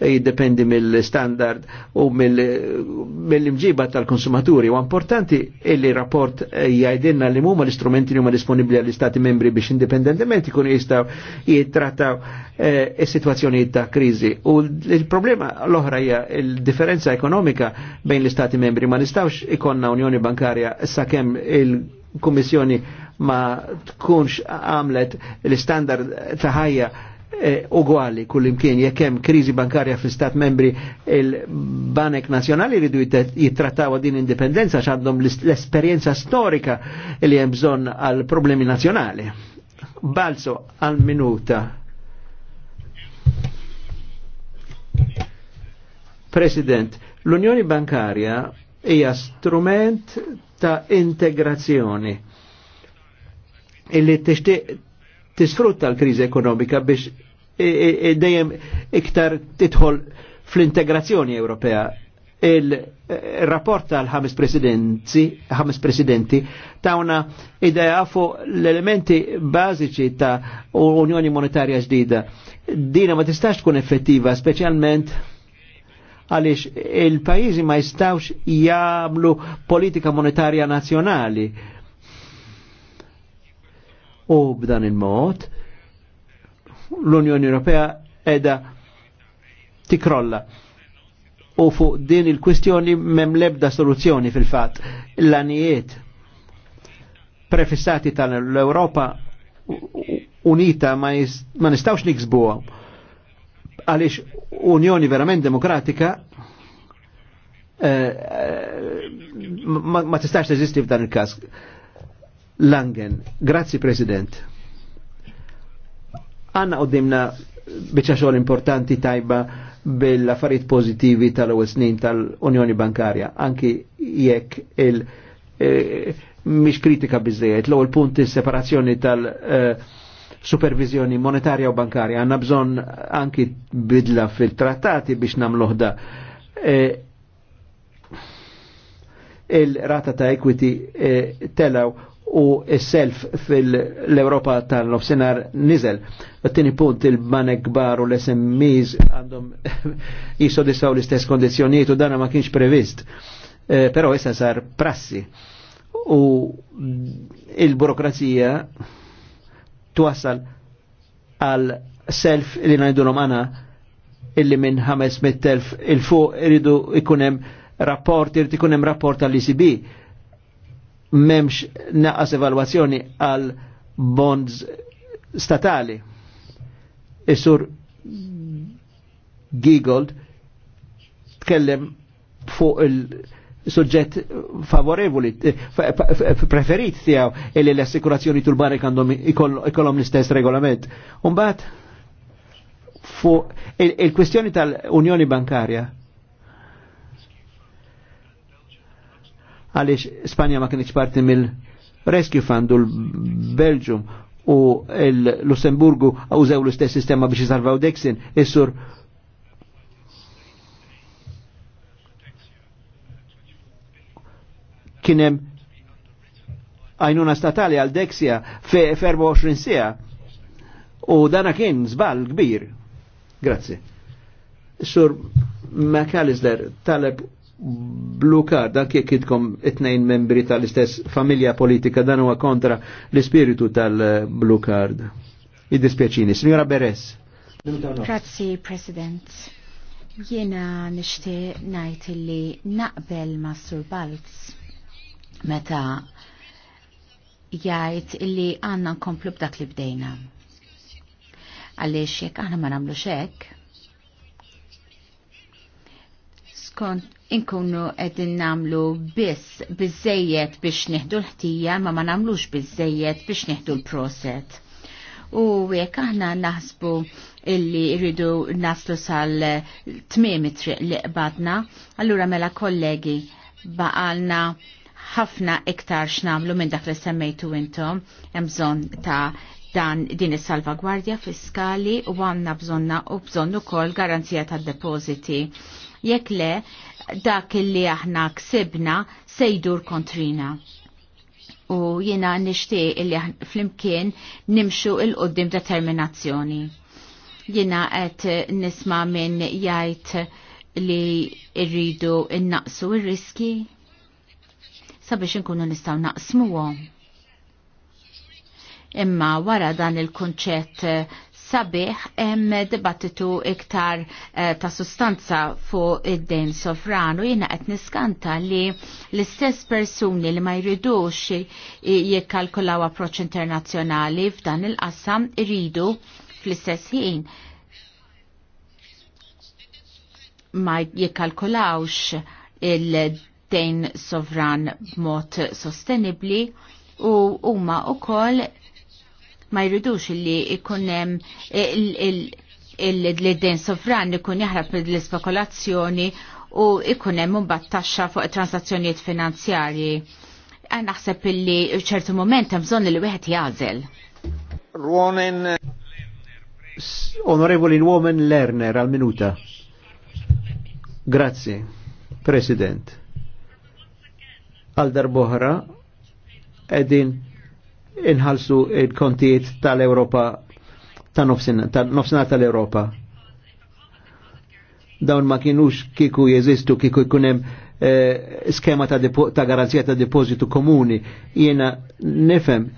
E jiddependi mill-standard u mill-imġiba mill tal-konsumaturi. U importanti illi rapport jgħidilna li mumma l-istrumenti li huma disponibli għall-Istati membri biex indipendentement ikunu jistaw jittrattaw eh, is-sitwazzjoni ta' kriżi. U il problema l-oħra hija l-differenza ekonomika bejn l-Istati membri ma nistawx ikonna Unjoni Bankarja sakemm il- kummissjoni ma tkunx għamlet l-standard ta' ħajja Eh, uguali kull kullimkien jekk hemm kriżi bankarja fl-istat membri il-Banek Nazzjonali jridu jittrattaw din indipendenza x'għandhom l-esperjenza storika li hemm bżonn għal problemi nazzjonali. Balzo għal minuta. President, l-Unjoni Bankarja hija strument ta' integrazzjoni illi tixtieq tisfrutta l-kriżi ekonomika biex dejjem iktar titħol fl-integrazzjoni Ewropea. Il-rapport eh, tal-ħames presidenti, ħames presidenti, tawna idea fuq l-elementi bażiċi ta' Unjoni Monetarja ġdida. Dina ma tistax tkun effettiva, specialment għaliex il-pajizi ma jistawx jamlu politika monetarja nazjonali. U b'dan il-mod, l-Unjoni Ewropea edha tikrolla. U fuq din il-kwistjoni mem lebda soluzzjoni fil-fat. L-anijiet prefissati tal-Europa unita ma, ma nistawx niksbuha. Għalix Unjoni verament demokratika eh, eh, ma, ma tistax teżisti f'dan il kas. Langen, grazzi President. Għanna għoddimna bieċa xogħol importanti tajba bil-affarijiet pozitivi tal-ewwel snin tal-Unjoni Bankarja, anki jekk il- e, mhix kritika biżejjed, l-ewwel punt is-separazzjoni tal- eh, supervizjoni monetarja u bankarja għanna bżon anki bidla fil-trattati biex namluħda e, eh, il-rata ta' equity telaw u s-self fil-Europa tal-nofsenar nizel. Tini punt il-banek bar u l-SMEs għandhom jisodisaw l-istess kondizjoniet u dana ma kienx previst. Eh, pero issa sar prassi u il-burokrazija twassal għal self li najdu l-omana illi minn 500.000 il-fuq irridu ikunem rapport, irridu ikunem rapport għall-ICB memx naqas evalwazzjoni għal bonds statali. Isur sur Giegold tkellem fuq il suġġett favorevoli, eh, preferit tijaw illi e l-assikurazzjoni tul-barek għandhom ikollom l-istess regolament. Umbat, fuq il-kwestjoni tal-Unjoni Bankarja, għalix Spanja ma kienx parti mill-Rescue Fund u l-Belġum u l-Lussemburgu għawżew l-istess sistema biex jisarvaw Dexin, jessur kienem għajnuna statali għal Dexia fe 24 sija u dana kien zbal kbir. Grazie. Sur McAllister taleb blukar card anke kitkom it-nejn membri tal-istess familja politika dan huwa kontra l-ispiritu tal-blu card. id dispieċini Signora Beres. Grazzi, President. Jena nishti najt li naqbel ma' Sur Balz meta jgħid illi għanna nkomplu b'dak li bdejna. Għaliex jekk aħna ma namlu hekk, skont inkunu edin namlu biss bizzejiet biex nieħdu l-ħtija ma ma namlux bizzejiet biex nieħdu l-proset. U jekk aħna naħsbu illi rridu naslu sal tmiem triq li qbadna, allura mela kollegi baqalna ħafna iktar x'namlu minn dak li semmejtu intom, hemm bżonn ta' dan din is-salvagwardja fiskali u għandna bżonna u bżonn ukoll garanzija tad-depożiti jekk le dak li aħna ksibna sejdur kontrina. U jiena nixtieq li flimkien nimxu il-qoddim determinazzjoni. Jiena qed nisma' minn jgħid li rridu innaqsu ir-riski sabiex inkunu nistgħu naqsmuhom imma wara dan il kunċett sabiħ hemm dibattitu iktar eh, ta' sustanza fuq id-dejn sovranu jiena qed niskanta li l-istess persuni li ma jridux jikkalkulaw approċċ internazzjonali f'dan il-qassam iridu fl-istess ħin ma jikkalkulawx il-dejn sovran b'mod sostenibli u huma wkoll ma jridux li ikunem il-din sofran ikun jaħrab l-spekulazzjoni u ikunem un taxxa fuq transazzjonijiet finanzjarji. Għan naħseb illi ċertu moment hemm bżonn li wieħed jażel. Ruonen Onorevoli Woman Lerner għal minuta. Grazie, President. Għal darbohra, edin inħalsu il-kontijiet tal-Europa ta' nofsinar tal-Europa. Dawn ma kienux kiku jeżistu kiku jkunem eh, skema ta', ta garanzija ta' depositu komuni. Jena nefem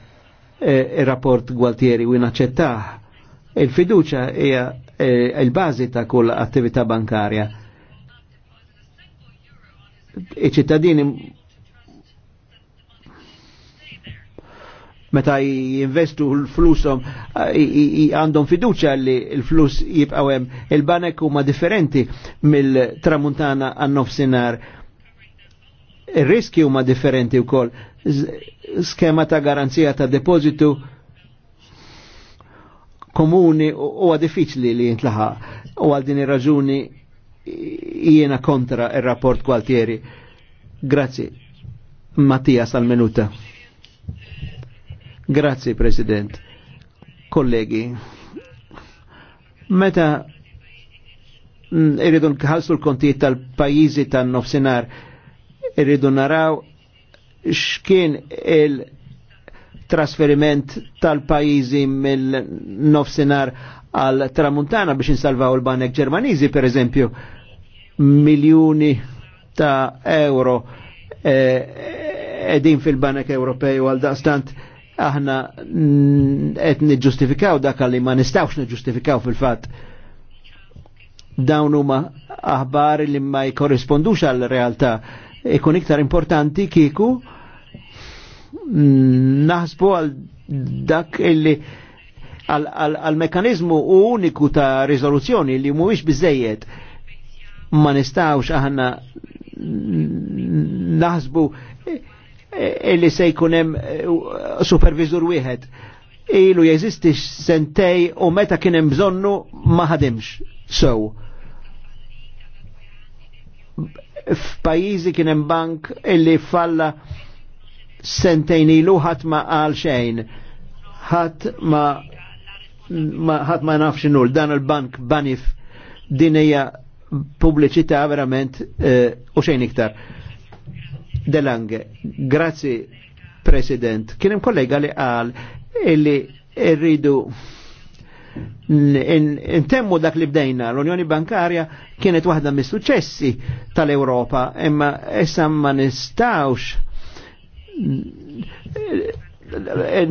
eh, il-rapport Gualtieri u inaċċettaħ. Il-fiduċa hija eh, il-bazi ta' kull attività bankarja. I-ċittadini meta jinvestu l-flusom għandhom fiduċa li l-flus jibqaw hemm il-banek huma differenti mill-tramuntana għan-nofsinhar. Ir-riski huma differenti wkoll. Skema ta' garanzija ta' depozitu komuni huwa diffiċli li jintlaħa u għal din ir-raġuni jiena kontra ir-rapport Gualtieri. Grazzi. Mattia sal-minuta. Grazie, President. Kollegi, meta irridu nħalsu l-kontijiet tal-pajizi tan-nofsinar, irridu naraw xkien il-trasferiment tal-pajizi mill-nofsinar għal tramuntana biex insalvaw l banek ġermaniżi, per eżempju, miljoni ta' euro eh, edin fil-banek Ewropej u għal dastant aħna qed niġġustifikaw dak li ma nistawx niġġustifikaw fil-fatt. Dawn huma aħbar li ma jkorrispondux għal realtà ikun iktar importanti kieku naħsbu għal dak illi għal mekanizmu uniku ta' rizoluzzjoni li mhuwiex biżejjed ma nistawx aħna naħsbu Eh, illi se jkunem eh, supervizur wieħed. Ilu jeżisti sentej u meta kienem bżonnu ma ħadimx. So, f'pajizi kienem bank illi falla sentejn ilu ħat ma għal xejn. ħat ma ħat ma nafx nul, dan il-bank banif dinija pubbliċità verament eh, u xejn iktar Delange. grazie President. Kien kollega li qal illi rridu intemmu dak li bdejna l-Unjoni Bankarja kienet waħda mis-suċessi tal-Europa imma issa ma nistawx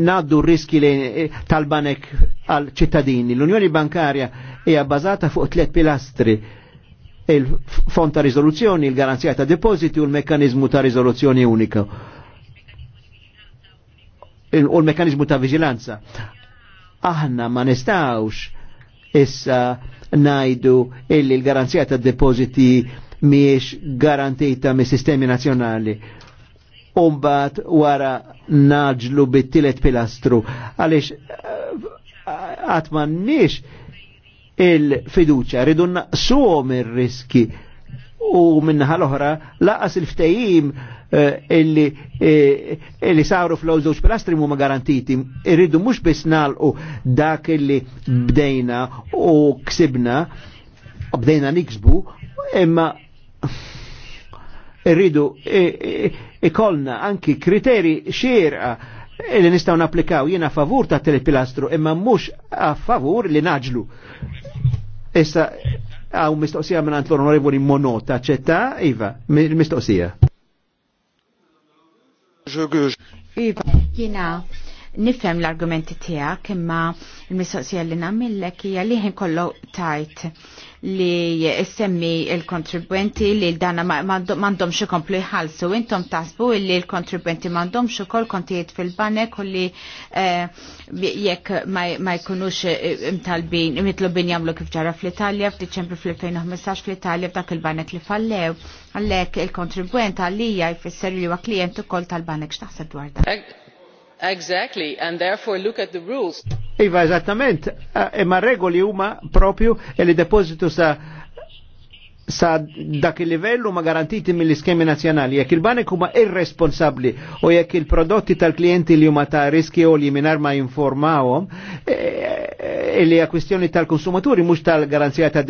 naddu riski li tal-banek għal ċittadini. L-Unjoni Bankarja hija bazata fuq tliet pilastri il-fond ta' rizoluzzjoni, il-garanzija ta' depositi u l-mekkanizmu ta' rizoluzzjoni unika. U l-mekkanizmu ta' vigilanza. Aħna ma nistawx issa najdu illi l-garanzija ta' depositi miex garantita mis sistemi nazjonali. Umbat wara naġlu bit-tilet pilastru. Għalix eh, għatman nix il-fiduċa, rridu naqsuhom ir-riski u minnaħa l-oħra laqas il-ftejim eh, illi eh, illi saru flow żewġ pilastri huma garantiti. Irridu mhux biss nalqu dak illi bdejna u ksibna u bdejna niksbu, imma irridu eh, ikolna anki kriteri xierqa illi nistaw napplikaw jiena favur ta' tele pilastru imma mhux a favur li naġlu Issa, għaw mistoqsija minn l-onorevoli Monota, ċetta, Iva, mistoqsija. Iva, jina, nifem l-argumenti tijak, imma il-mistoqsija li namillek hija liħin kollu tajt li jessemmi il-kontribwenti li l-dana mandom xie komplu jħalsu. Intom tasbu li l-kontribwenti mandom xie kol kontijiet fil-banek u li eh, jekk ma jkunux eh, imtalbin, mitlubin jamlu kif ġara fl-Italja, f'Diċembru fl-2015 fl-Italja f'dak il-banek li fallew. Għallek il kontribwenti għalija jfisser li huwa klient ukoll tal-banek x'taħseb dwar dan. Exactly, and therefore look at the rules. Iva, e eh, ma regoli huma propju e li depositu sa sa dak il-livellu ma garantiti mill-iskemi e che il è huma o è che il-prodotti tal cliente li huma ta' o li minar ma informao eh, eh, e, li hija kwistjoni tal mustal mhux tal-garanzija ta'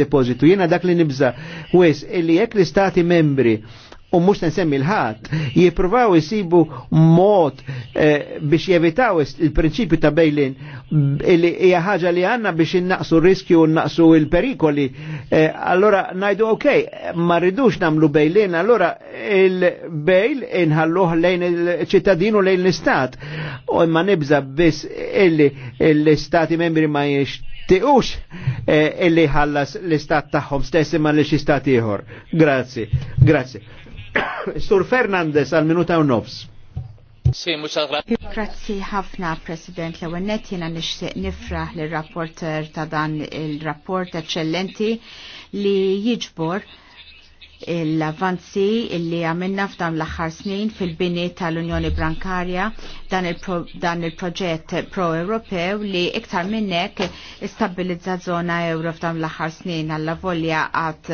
na da che li nibża wis illi e jekk l membri u mux nsemmi l-ħat, jipruvaw jisibu mod eh, biex jevitaw il-prinċipju ta' bejlin li hija ħaġa li għanna biex innaqsu riskju u naqsu il-perikoli. Eh, allora najdu ok, ma rridux namlu bejlin, allora il-bejl inħalluħ lejn il-ċittadin u lejn l-istat. U imma nibza biss illi l-istati membri ma jishtiqux eh, illi ħallas l-istat taħħom stessi ma l-istat stat Grazie, grazie. Sur Fernandez għal minuta u nofs. Grazzi ħafna, President Lewennet, jena nixtieq nifraħ l rapporter ta' dan il-rapport eccellenti li jiġbor l-avanzi li għamilna f'dan l-axar snin fil-bini tal-Unjoni Bankarja dan il-proġett il pro-Ewropew li iktar minnek istabilizza zona euro f'dan l-axar snin għalla volja għat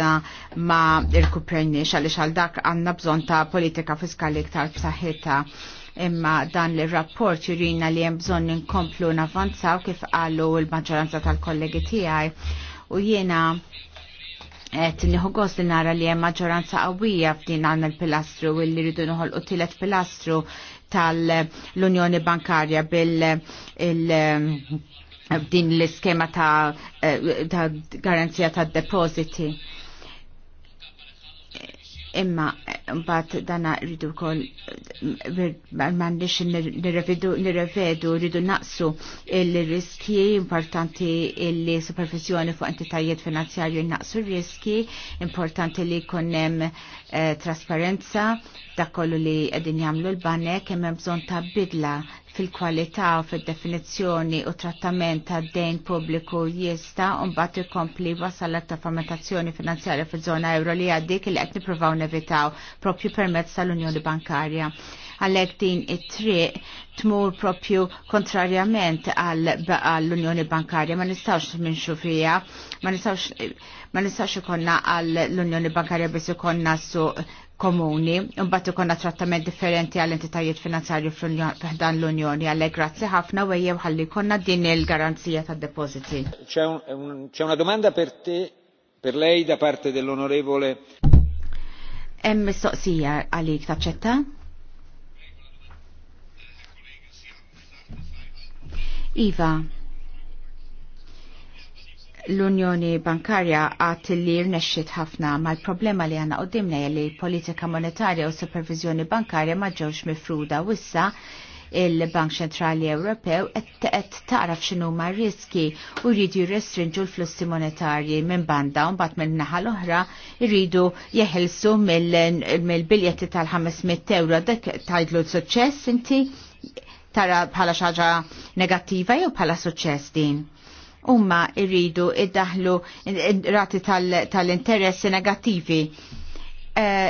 ma il-kuprenni xalli xal dak għanna bżon ta' politika fiskali iktar b'saħħita imma dan l rapport jurina li hemm bżonn inkomplu navanzaw kif qalu l-maġġoranza tal-kollegi tiegħi u jiena Et niħu għost li nara li hemm maġġoranza qawwija f'din għandna l-pilastru u li rridu noħolqu tielet pilastru tal-Unjoni Bankarja bil il, din l-iskema ta', eh, garanzija tad depositi imma mbagħad dana rridu wkoll m'għandix nirrevedu rridu naqsu il-riski importanti li supervizjoni fuq entitajiet finanzjarju naqsu riski importanti li jkun hemm eh, trasparenza dak kollu li qegħdin jagħmlu l-banek hemm bżonn ta' bidla fil-kwalità u fil-definizzjoni u trattament ta' dejn pubbliku jista' bat ikompli wasal ta' formatazzjoni finanzjarja fil-żona euro li għaddik li qed nippruvaw nevitaw propju permezz tal-Unjoni Bankarja. Għalhekk din it-triq tmur propju kontrarjament għall-Unjoni Bankarja, ma nistawx minxu fija, ma nistawx ikonna għall-Unjoni Bankarja biss ikonna suq komuni, imbagħad ikonna trattament differenti għall entitajiet finanzarju f'dan l-Unjoni għalhekk grazzi ħafna wejjew ħalli konna din il-garanzija tad-depożiti. C'è una domanda per te per lei da parte dell'onorevole Hemm mistoqsija għalik taċċetta? Iva, l-Unjoni Bankarja għat li rnexxiet ħafna ma l-problema li għanna qoddimna li politika monetarja u supervizjoni bankarja ma ġewx mifruda wissa il-Bank Ċentrali Ewropew qed taqraf x'inhu ma riski u jridu jirrestrinġu l-flussi monetarji minn banda u mbagħad minn naħa l-oħra jridu jeħilsu mill-biljetti tal-500 euro dak tajdlu l-suċċess inti tara bħala xaġa negattiva jew bħala suċċess din umma irridu iddaħlu rati tal-interessi tal negattivi. Uh, eh,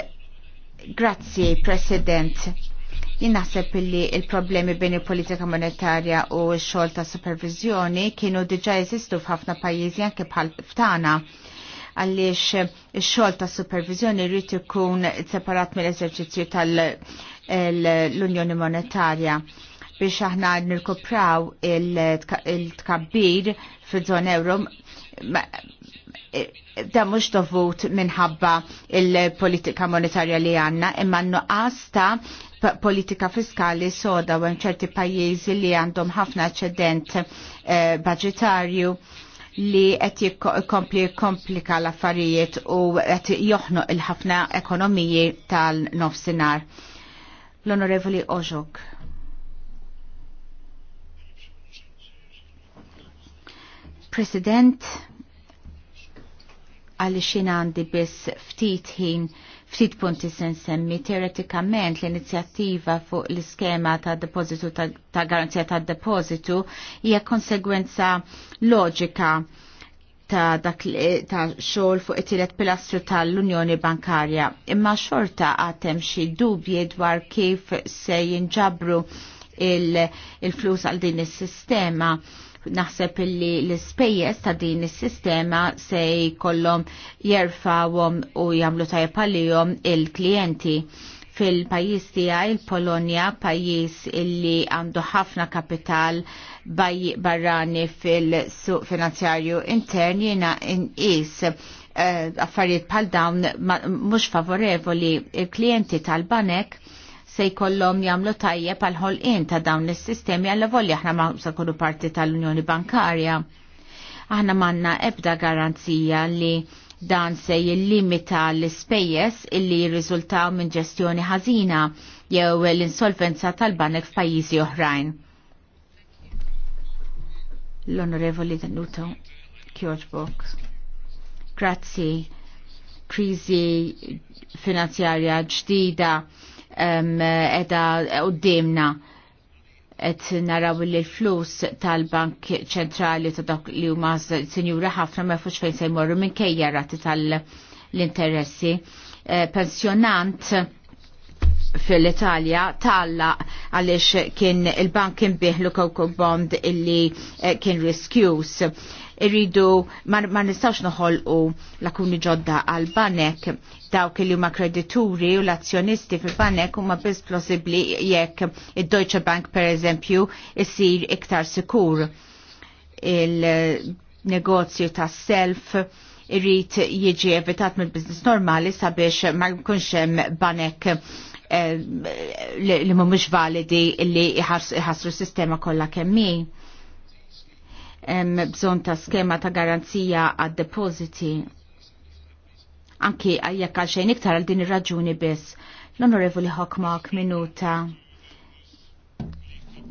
Grazzi, President. Jinaħseb li il-problemi bejn il-politika monetarja u x-xogħol ta' supervizjoni kienu diġà jeżistu f'ħafna pajjiżi anke bħal ftana għaliex ix-xogħol ta' supervizjoni rrit ikun separat mill-eżerċizzju tal-Unjoni Monetarja biex aħna nirkupraw il-tkabbir fil-żon eurum da mux dovut minħabba il-politika monetarja li għanna imma nuqqas ta' politika fiskali soda u ċerti pajjiżi li għandhom ħafna ċedent eh, budgetarju li qed jikkompli komplika l-affarijiet u qed joħnu il-ħafna ekonomiji tal-nofsinhar. L-Onorevoli Oġok. President, għalli xina għandi biss ftit ħin, ftit punti sen semmi, teoretikament l-inizjattiva fuq l-iskema ta' depositu ta', garanzija ta' depositu hija konsegwenza loġika ta' dak ta' xogħol fuq it-tielet pilastru tal-Unjoni Bankarja. Imma xorta għatem xi dubji dwar kif se jinġabru il-flus il flus għal din is sistema naħseb li l-spejjeż ta' din is-sistema se jkollhom jerfawhom u jagħmlu tajjeb għalihom il-klijenti fil-pajis tiegħi il-Polonja pajis illi għandu ħafna kapital barrani fil-suq finanzjarju intern jiena inqis eh, affarijiet bħal dawn mhux favorevoli il-klijenti tal-banek se jkollhom jagħmlu tajjeb għal ħolqien ta' dawn is-sistemi għal volli aħna ma se nkunu parti tal-Unjoni Bankarja. Aħna manna ebda garanzija li dan se jillimita l-ispejjeż illi jirriżultaw minn ġestjoni ħażina jew l-insolvenza tal-banek f'pajjiżi oħrajn. L-Onorevoli Danuto Kjoġbok. Grazzi. Kriżi finanzjarja ġdida edha d-demna et naraw li l-flus tal-Bank ċentrali ta' dak li huma sinjura ħafna ma fux fejn se jmorru minn kejja rati tal-interessi. Eh, pensjonant fil-Italja talla għalix kien il-bank kien biħlu koko bond illi eh, kien riskjus irridu ma nistawx noħolqu lakuni ġodda għal banek dawk li huma kredituri u l-azzjonisti fil-banek huma biss plosibli jekk id-Deutsche Bank per eżempju isir iktar sikur il-negozju ta' self irrit jiġi evitat mill-biznis normali sabiex ma jkunx hemm banek eh, li mhumiex validi li jħassru s-sistema kollha kemm bżon ta' skema ta' garanzija għad depositi Anki għajja għal iktar għal din ir-raġuni biss. L-Onorevoli Hokmak minuta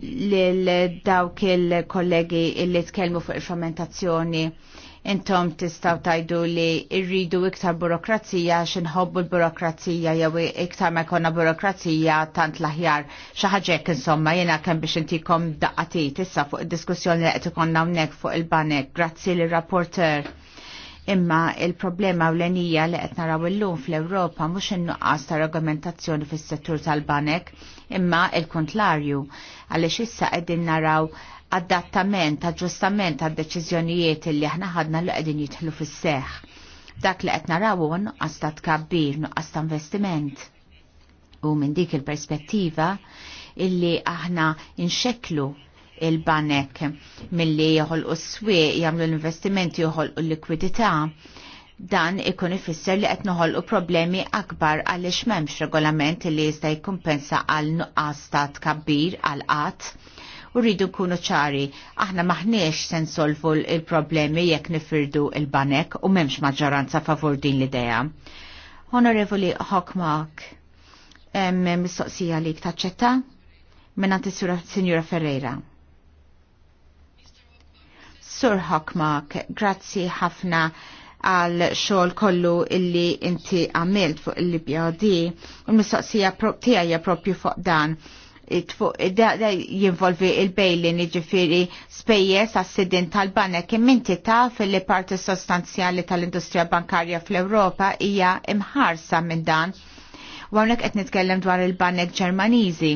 lil dawk il-kollegi illi tkellmu fuq il-fermentazzjoni Intom tistaw tajdu li irridu iktar burokrazija xinħobbu l-burokrazija jew iktar ma jkonna burokrazija tant l-aħjar xi insomma jiena kemm biex intikom daqati issa fuq id-diskussjoni li qed ikollna hawnhekk fuq il-banek. Grazzi li rapporter Imma il-problema l-enija li qed naraw illum fl-Ewropa mhux innuqqas nuqqas ta' argumentazzjoni fis-settur tal-banek, imma il-kontlarju għaliex issa qegħdin naraw adattament, aġġustament għad deċiżjonijiet li aħna ħadna li qegħdin jitħlu fis seħ Dak li qed naraw għasta tkabbir, nuqqas ta' investiment. U minn dik il-perspettiva illi aħna inxeklu il-banek mill-li u s-swieq jagħmlu l-investimenti u l-likwidità dan ikun ifisser li qed noħolqu problemi akbar għaliex m'hemmx regolament li jista' jikkumpensa għal nuqqas ta' tkabbir għal qatt u rridu nkunu ċari. Aħna maħniex se nsolvu il-problemi jekk nifirdu il-banek u memx maġġoranza favur din l-idea. Honorevoli Hockmark, mistoqsija li taċċetta? Minnanti Signora Ferreira. Sur Hockmark, grazzi ħafna għal xogħol kollu illi inti għamilt fuq il-Libja di, u mistoqsija tiegħi propju fuq dan jinvolvi il-bejlin iġifiri spejjes għas-sidin tal-banek kim inti taf li parti sostanzjali tal-industrija bankarja fl-Ewropa hija imħarsa minn dan. Għawnek hawnhekk qed nitkellem dwar il-banek Ġermaniżi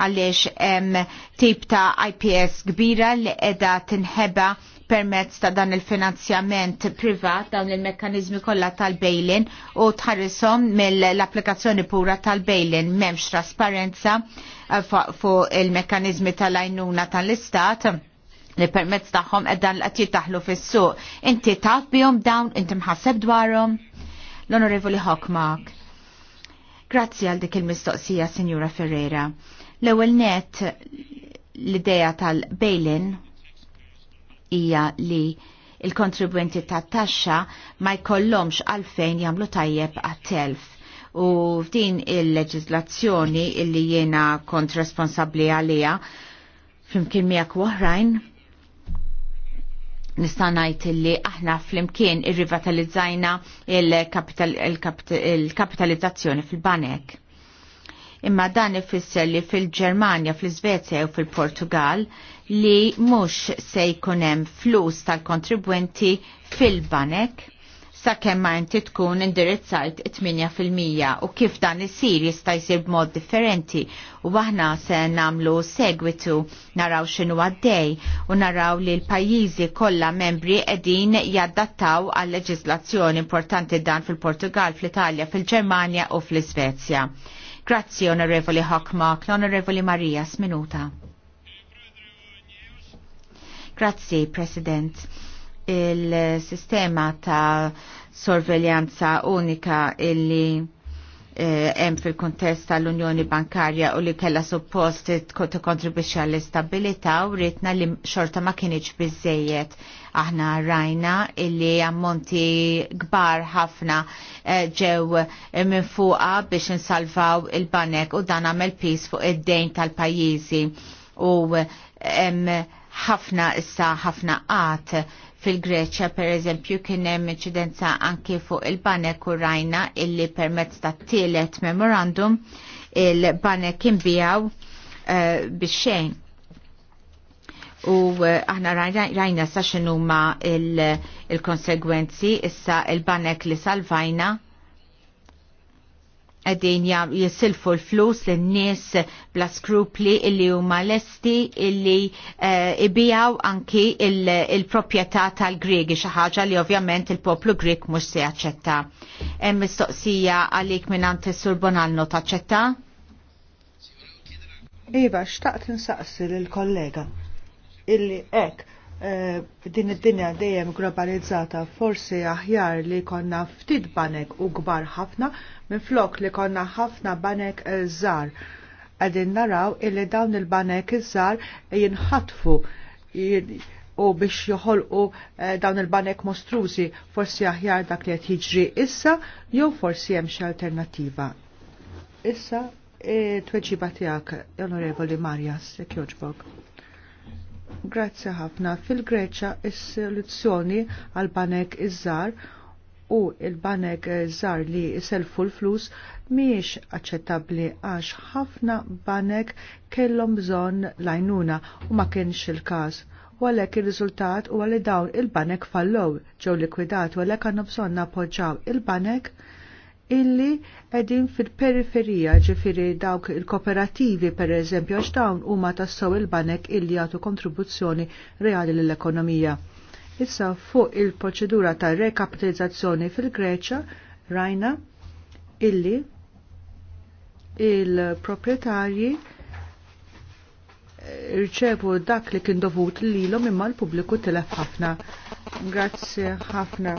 għaliex tip ta' IPS kbira li qiegħda tinħeba permezz ta' dan il-finanzjament privat dawn il-mekkanizmi kollha tal bailin u tħarrisom mill-applikazzjoni pura tal bailin m'hemmx trasparenza eh, fuq il-mekkanizmi tal-għajnuna tal-istat li permezz tagħhom qed dan qed jitaħlu fis-suq. Inti taf bihom dawn, inti mħasseb dwarhom. L-Onorevoli Hawkmark. Grazzi għal dik il-mistoqsija, Signora Ferreira. L-ewwel net l-idea tal bailin hija li il-kontribwenti ta' taxxa ma jkollhomx għalfejn jagħmlu tajjeb għat-telf. U f'din il-leġiżlazzjoni illi jiena kont responsabbli għalija flimkien miegħek oħrajn nista' ngħid illi aħna flimkien irrivatalizzajna il-kapitalizzazzjoni fil-banek. Imma dan ifisser li fil-Ġermanja, fil-Svezja u fil-Portugal li mhux se jkun hemm flus tal-kontribwenti fil-banek sakemm ma inti tkun indirizzajt 8% u kif dan isir jista' jsir b'mod differenti u aħna se nagħmlu segwitu naraw x'inhu għaddej u naraw li l-pajjiżi kollha membri qegħdin jaddattaw għal leġiżlazzjoni importanti dan fil-Portugal, fl-Italja, fil-Ġermanja u fl-Iżvezja. Grazzi Onorevoli Hockmark, l-Onorevoli Marija Sminuta. Grazzi, President. Il-sistema ta' sorveljanza unika illi eh, hemm eh, fil-kontest tal-Unjoni Bankarja u li kella suppost kontribwixxi għall-istabilità u ritna li xorta ma kienx biżejjed. Aħna rajna illi ammonti kbar ħafna eh, ġew eh, minn fuqa biex insalvaw il-banek u dan għamel pis fuq id-dejn tal-pajjiżi u eh, ħafna issa ħafna qat fil-Greċja per eżempju kien hemm inċidenza anke fuq il-banek u rajna illi permezz ta' tielet memorandum il-banek imbijaw eh, biex xejn. U eh, aħna rajna, sa sa x'inhuma il-konsegwenzi issa il-banek li salvajna għedin jisilfu l-flus l-nis bla skrupli illi huma lesti illi uh, ibijaw anki il-propieta il propieta il tal greg xaħġa li ovvjament il-poplu Greg mux se jaċċetta. Hemm mistoqsija għalik minn sur Bonanno taċċetta? Iva, xtaqt nsaqsi l-kollega illi ek eh, din id-dinja dejjem globalizzata forsi aħjar li konna ftit banek u gbar ħafna minflok li konna ħafna banek eh, żar. Għadin naraw illi dawn il-banek iż-żar jinħatfu u biex joħolqu eh, dawn il-banek mostrużi forsi aħjar dak li qed jiġri issa jew forsi hemm xi alternattiva. Issa eh, tweġiba tiegħek, Onorevoli Marjas, jekk joġbok. Grazzi ħafna. Fil-Greċa is-soluzzjoni għal banek iż-żar u il-banek żar li selfu l-flus miex aċċettabbli għax ħafna banek kellhom bżonn lajnuna u ma kienx il-każ. U għalhekk ir-riżultat huwa li dawn il-banek fallow ġew likwidat u għalhekk għandhom bżonn napoġġaw il-banek illi edin fil-periferija ġifiri dawk il-kooperativi per eżempju għax dawn huma tassew il-banek illi jagħtu kontribuzzjoni reali l-ekonomija. Issa fuq il-proċedura ta' rekapitalizzazzjoni fil-Greċa rajna illi il-proprietarji eh, rċevu dak li kien dovut l imma l-pubbliku telef ħafna. Grazzi ħafna.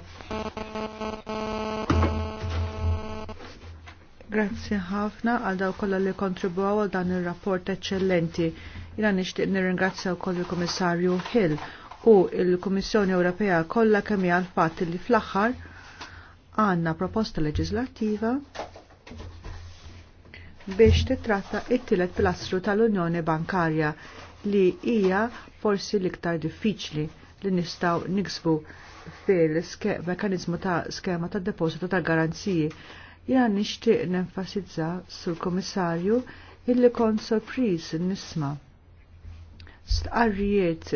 Grazzi ħafna għal daw kolla li kontribwaw għal dan ir-rapport eċċellenti. Jina nixtieq nirringrazzja wkoll il-Kummissarju Hill u l-Kummissjoni Ewropea kollha kemm hija l fatt li fl-aħħar għandna proposta leġislattiva biex titratta it-tielet pilastru tal-Unjoni Bankarja li hija forsi l-iktar diffiċli li nistgħu niksbu fil-mekanizmu ta' skema ta' deposito ta' garanziji. Jena nixtieq nenfasizza sul-Komissarju illi kont sorpriż nisma' stqarrijiet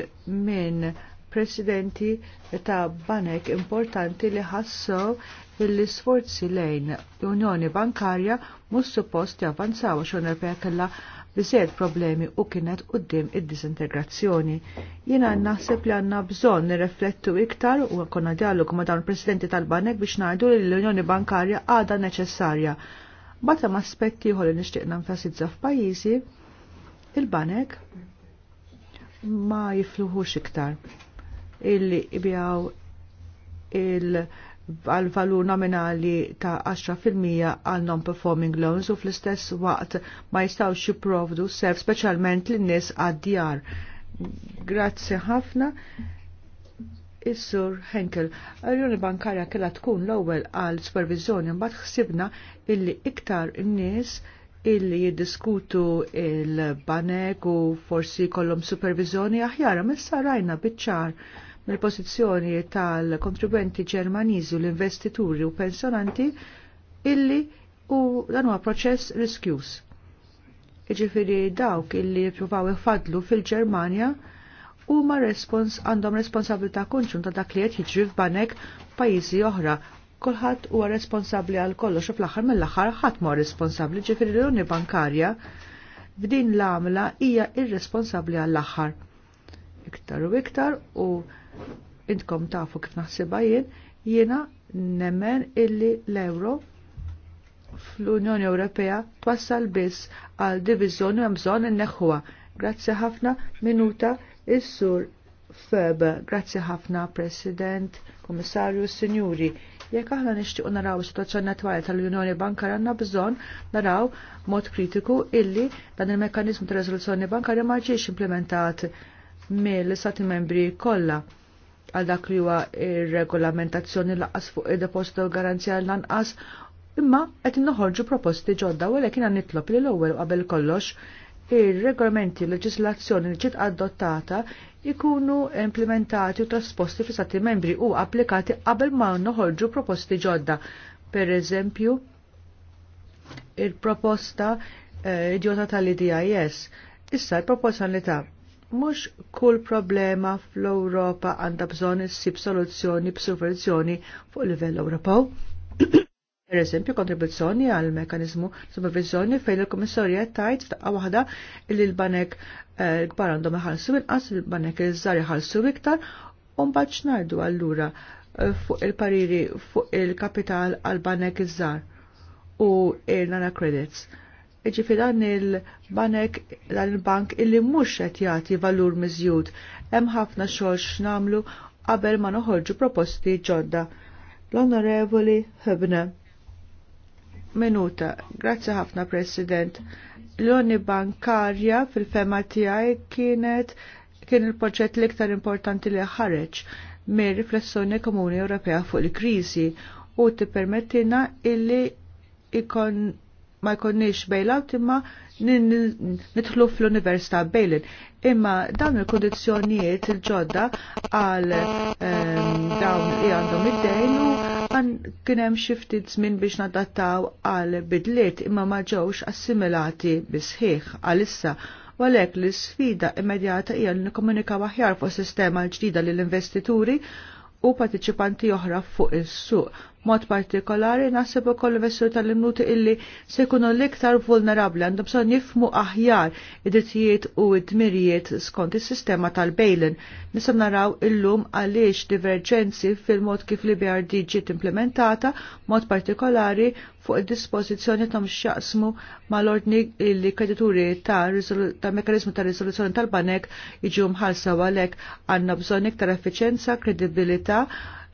minn presidenti ta' banek importanti li ħassow l-isforzi lejn l-Unjoni Bankarja mhux suppost javanzaw għax Ewropea kellha biżejjed problemi u kienet qudiem id-disintegrazzjoni. Jiena naħseb li għandna bżonn nirreflettu iktar u konna dialog ma' dawn presidenti tal-Banek biex ngħidu li l-Unjoni Bankarja għadha neċessarja. Bata ma' aspetti ħolli nixtieq nenfasizza f'pajjiżi il-Banek ma jifluħux iktar illi ibjaw il- għal valur nominali ta' 10% għal non-performing loans u fl-istess waqt ma jistawx jiprovdu sef specialment l-nis għad-djar. Grazzi ħafna. Is-sur Henkel, l-Unjoni Bankarja kella tkun l-ewwel għal supervizjoni mbagħad ħsibna illi iktar n-nies illi jiddiskutu il-banek u forsi kollom supervizjoni aħjara messa rajna bitċar mill-pozizjoni tal-kontribwenti ġermaniżi u l-investituri u pensionanti illi u dan huwa proċess riskjus. Iġifiri dawk illi jiprufaw ifadlu fil-Ġermanja huma respons għandhom responsabilità konċunta' dak li qed jiġri f'banek pajjiżi oħra kulħadd huwa responsabbli għal kollox xo fl-aħħar mill-aħħar ħadd ma responsabbli ġifiri l unni Bankarja b'din l-għamla hija irresponsabbli għall-aħħar. Iktar u iktar u intkom tafu kif naħsibha jien, jiena nemmen illi l-euro fl-Unjoni Ewropea twassal biss għal diviżjoni hemm bżonn inneħħuha. Grazzi ħafna minuta is-sur Feb. Grazzi ħafna President, Komissarju, Sinjuri. Jekk aħna nixtiequ naraw is-sitwazzjoni attwali tal-Unjoni Bankarja għandna bżonn naraw mod kritiku illi dan il-mekkaniżmu ta' riżoluzzjoni bankarja ma ġiex implementat mill-Stati membri kollha għal dak li huwa ir-regolamentazzjoni laqas fuq id-deposito garanzija lanqas imma qed noħorġu proposti ġodda u lekin nitlob li l-ewwel qabel kollox ir-regolamenti leġislazzjoni li ġiet adottata jkunu implementati u trasposti fi stati membri u applikati qabel ma noħorġu proposti ġodda. Per eżempju, il-proposta eh, tal-IDIS. Issa il-proposta li ta' mux kull problema fl-Europa għanda bżon issib soluzzjoni b'supervizjoni fuq livell Ewropew. Per eżempju, kontribuzzjoni għal mekanizmu supervizjoni fejn il-Komissarja tajt f'daqqa waħda li l-banek eh, l-kbar għandhom iħallsu inqas, il-banek iż-żar iħallsu iktar, u mbagħad x'ngħidu allura eh, fuq il-pariri fuq il-kapital għal banek iż-żar u il-nana credits. Iġifi dan il-banek dan il-bank illi mhux qed jagħti valur miżjud hemm ħafna xogħol x'namlu qabel ma noħorġu proposti ġodda. L-Onorevoli Hübner Minuta. Grazzi ħafna, President. l uni Bankarja fil-fema tiegħi kienet kien il-proġett l-iktar importanti li ħareġ mir riflessjoni komuni Ewropea fuq il-kriżi u tippermettina illi ikon ma jkunniex bailout imma nidħlu fl università Bejlin. bailin. Imma dawn il-kondizjonijiet il-ġodda għal ehm, dawn li għandhom id-dejn u kien hemm xi ftit żmien biex nadattaw għal bidliet imma ma ġewx assimilati bisħiħ għalissa u għalhekk l isfida immedjata hija li nikkomunikaw aħjar fuq sistema l-ġdida lill investituri u partiċipanti oħra fuq is-suq Mod partikolari naħseb ukoll vessur tal-imnuti illi se jkunu l-iktar vulnerabbli għandhom bżonn jifmu aħjar id-drittijiet u d-dmirijiet skont is-sistema tal-bejlin. Nisem naraw illum għaliex diverġenzi fil-mod kif li BRD ġiet implementata, mod partikolari fuq il dispożizzjoni ta' xjaqsmu mal-ordni li kredituri ta', ta mekanizmu ta' risoluzzjoni tal-banek iġu mħalsa għalek għanna bżonn iktar effiċenza, kredibilità,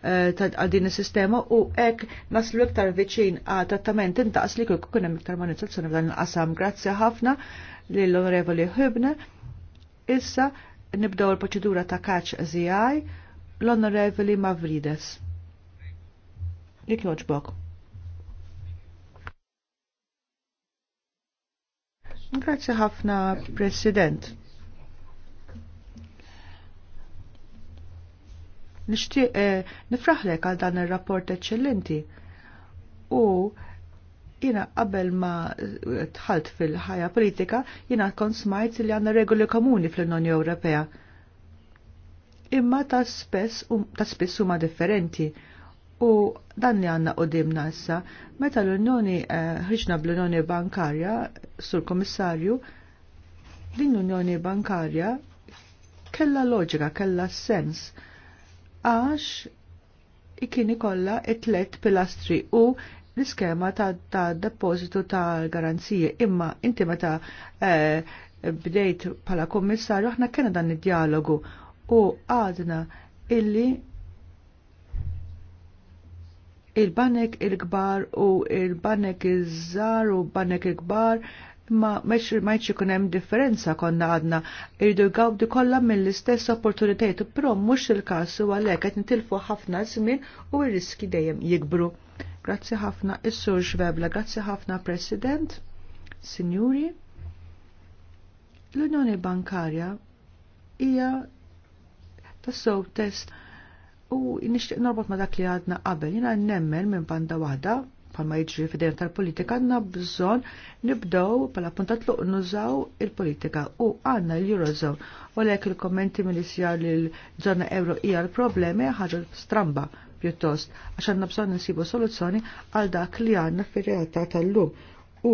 Eh, għal din is-sistema u hekk naslu iktar viċin għal trattament intaqs li kien hemm iktar manizzazzjoni f'dan il-qasam. Grazzi ħafna lill-Onorevoli Hübne. Issa nibdew il-proċedura ta' kaċ ZI l-Onorevoli Mavrides. Jek joġbok. Grazie ħafna, President. Nixtieq eh, nifraħlek għal dan ir-rapport eċċellenti. U jina qabel ma eh, tħalt fil-ħajja politika jina kont smajt li għanna regoli komuni fl-Unjoni Ewropea. Imma ta' spess huma differenti. U dan li għanna qudimna issa, meta l-Unjoni eh, ħriġna eh, bl-Unjoni Bankarja sur Komissarju, din l-Unjoni Bankarja kella loġika, kella sens għax kien ikolla it-tlet pilastri u l-iskema ta', ta depositu ta' garanzije imma inti meta eh, bdejt pala kommissarju aħna kena dan id-dialogu u għadna illi il-banek il kbar u il-banek iż-żar u banek il-gbar il kbar il ma meċ ma ikun hemm differenza konna għadna jridu jgawdu kollha mill-istess opportunitajiet, però mhux il-każ u għalhekk qed nitilfu ħafna żmien u r-riski dejjem jikbru. Grazzi ħafna is-Sur Xwebla, grazzi ħafna President, Sinjuri. L-Unjoni Bankarja hija tassew test u nixtieq norbot ma dak li għadna qabel, jiena nemmen minn banda waħda palma jiġri fidejn tal-politika għanna bżon nibdow pala puntat luq nużaw il-politika u għanna l-Eurozone u lek il-kommenti mill li l-zona euro hija l-problemi ħaġa stramba pjuttost għax nabżon bżon nsibu soluzzjoni għal dak li għanna fir-realtà tal-lum u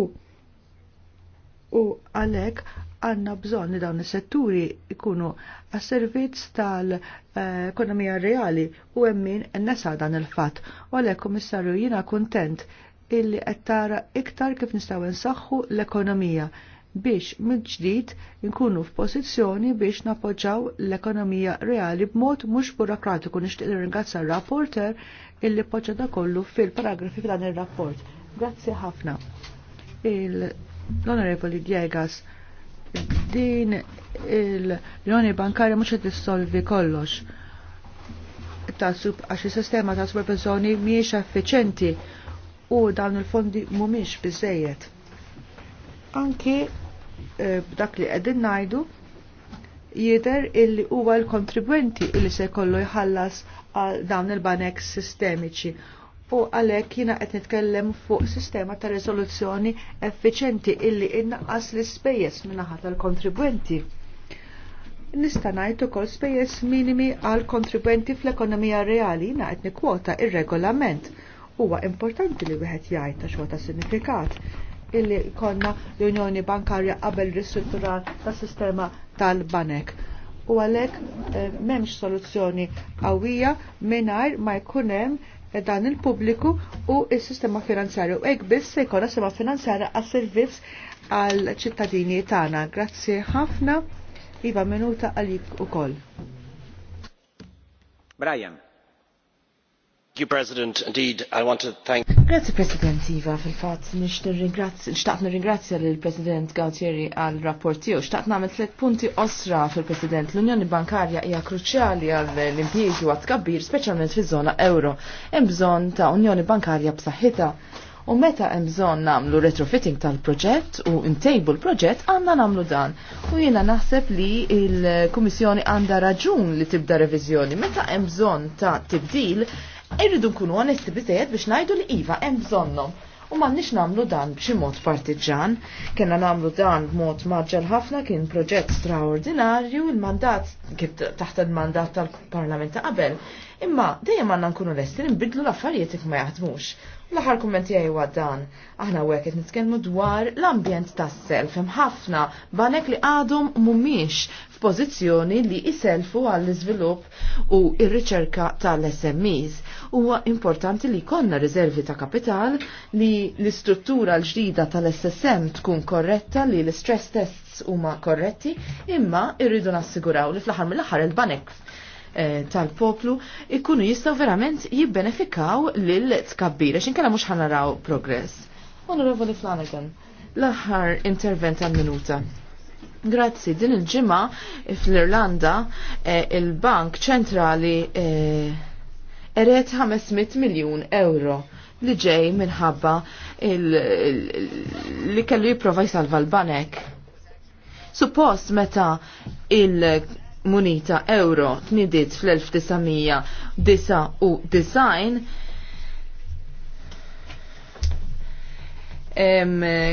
u għalek għanna bżon li dawn is-setturi ikunu għas-servizz tal-ekonomija reali u emmin nesa dan il-fat. U għalek, komissarju, jina kontent illi għattara iktar kif nistaw nsaxħu l-ekonomija biex mill-ġdid nkunu f'pożizzjoni biex napoġġaw l-ekonomija reali b'mod mhux burokratiku nixtieq ringrazzja l rapporter illi poġġa da kollu fil-paragrafi f'dan ir-rapport. Grazzi ħafna. Il L-Onorevoli Diegas, din l-Unjoni Bankarja mhux qed issolvi kollox ta' sub għax is-sistema ta' supervizjoni mhijiex effiċenti u dan il-fondi mhumiex biżejjed. Anki eh, b'dak li qegħdin ngħidu jidher illi huwa l-kontribwenti illi se jkollu jħallas għal dawn il-banek sistemiċi u għalhekk jiena qed nitkellem fuq sistema ta' rezoluzzjoni effiċenti illi innaqqas l-ispejjeż min-naħa tal-kontribwenti. Nista' ngħid ukoll spejjeż minimi għal kontribwenti fl-ekonomija reali jina qed nikkwota ir-regolament. Huwa importanti li wieħed jgħid ta' xogħol ta' sinifikat illi konna l-Unjoni Bankarja qabel ristrutturar tas sistema tal-banek u għalek eh, memx soluzzjoni għawija mingħajr ma jkunem dan il-pubbliku u il-sistema finanzjarju. Ek biss se jkollha sistema finanzjarja għas servizz għal ċittadini tagħna. Grazzi ħafna. Iva minuta għalik ukoll. Brian. Grazzi President, Grazie, President Iva, fil-fat, nishtaqt nirringrazzja l-President Gautieri għal-rapport tiegħu. Xtaqt nagħmel tliet punti osra fil-President. L-Unjoni Bankarja hija kruċjali għall-impjiegi u għat-tkabbir, speċjalment fiż-żona euro. Hemm bżonn ta' Unjoni Bankarja b'saħħitha. U meta hemm bżonn nagħmlu retrofitting tal-proġett u ntejbu l-proġett għandna nagħmlu dan. U jiena naħseb li l-Kummissjoni għandha raġun li tibda reviżjoni. Meta hemm bżonn ta' tibdil, Irridu nkunu onesti bizzejed biex ngħidu li iva hemm bżonnhom. U ma nix namlu dan b'xi mod partiġan, kena namlu dan b'mod maġġel ħafna kien proġett straordinarju il-mandat kif taħt il-mandat tal-Parlament ta' qabel. Imma dejjem għandna nkunu lesti nbidlu l-affarijiet ma jaħdmux. L-aħħar kumment tiegħi dan. Aħna hawnhekk qed nitkellmu dwar l-ambjent tas-self hemm ħafna banek li għadhom mhumiex f'pożizzjoni li iselfu għall iżvilupp u ir-riċerka tal-SMEs. Huwa importanti li konna riservi ta' kapital li l-istruttura l-ġdida tal-SSM tkun korretta li l-stress tests huma korretti, imma irridu nassiguraw li fl-aħħar mill-aħħar il-banek eh, tal-poplu ikunu jistaw verament jibbenefikaw lil-tkabbir, xin kalla mux ħanaraw progress. Onorevoli Flanagan, l-aħħar intervent għal-minuta. Grazzi, din il-ġimma fl-Irlanda eh, il-Bank ċentrali eh, eret 500 miljon euro li ġej minħabba li kellu jiprofa jsalva l-banek. Suppost meta il-munita euro tnidiet fl-1999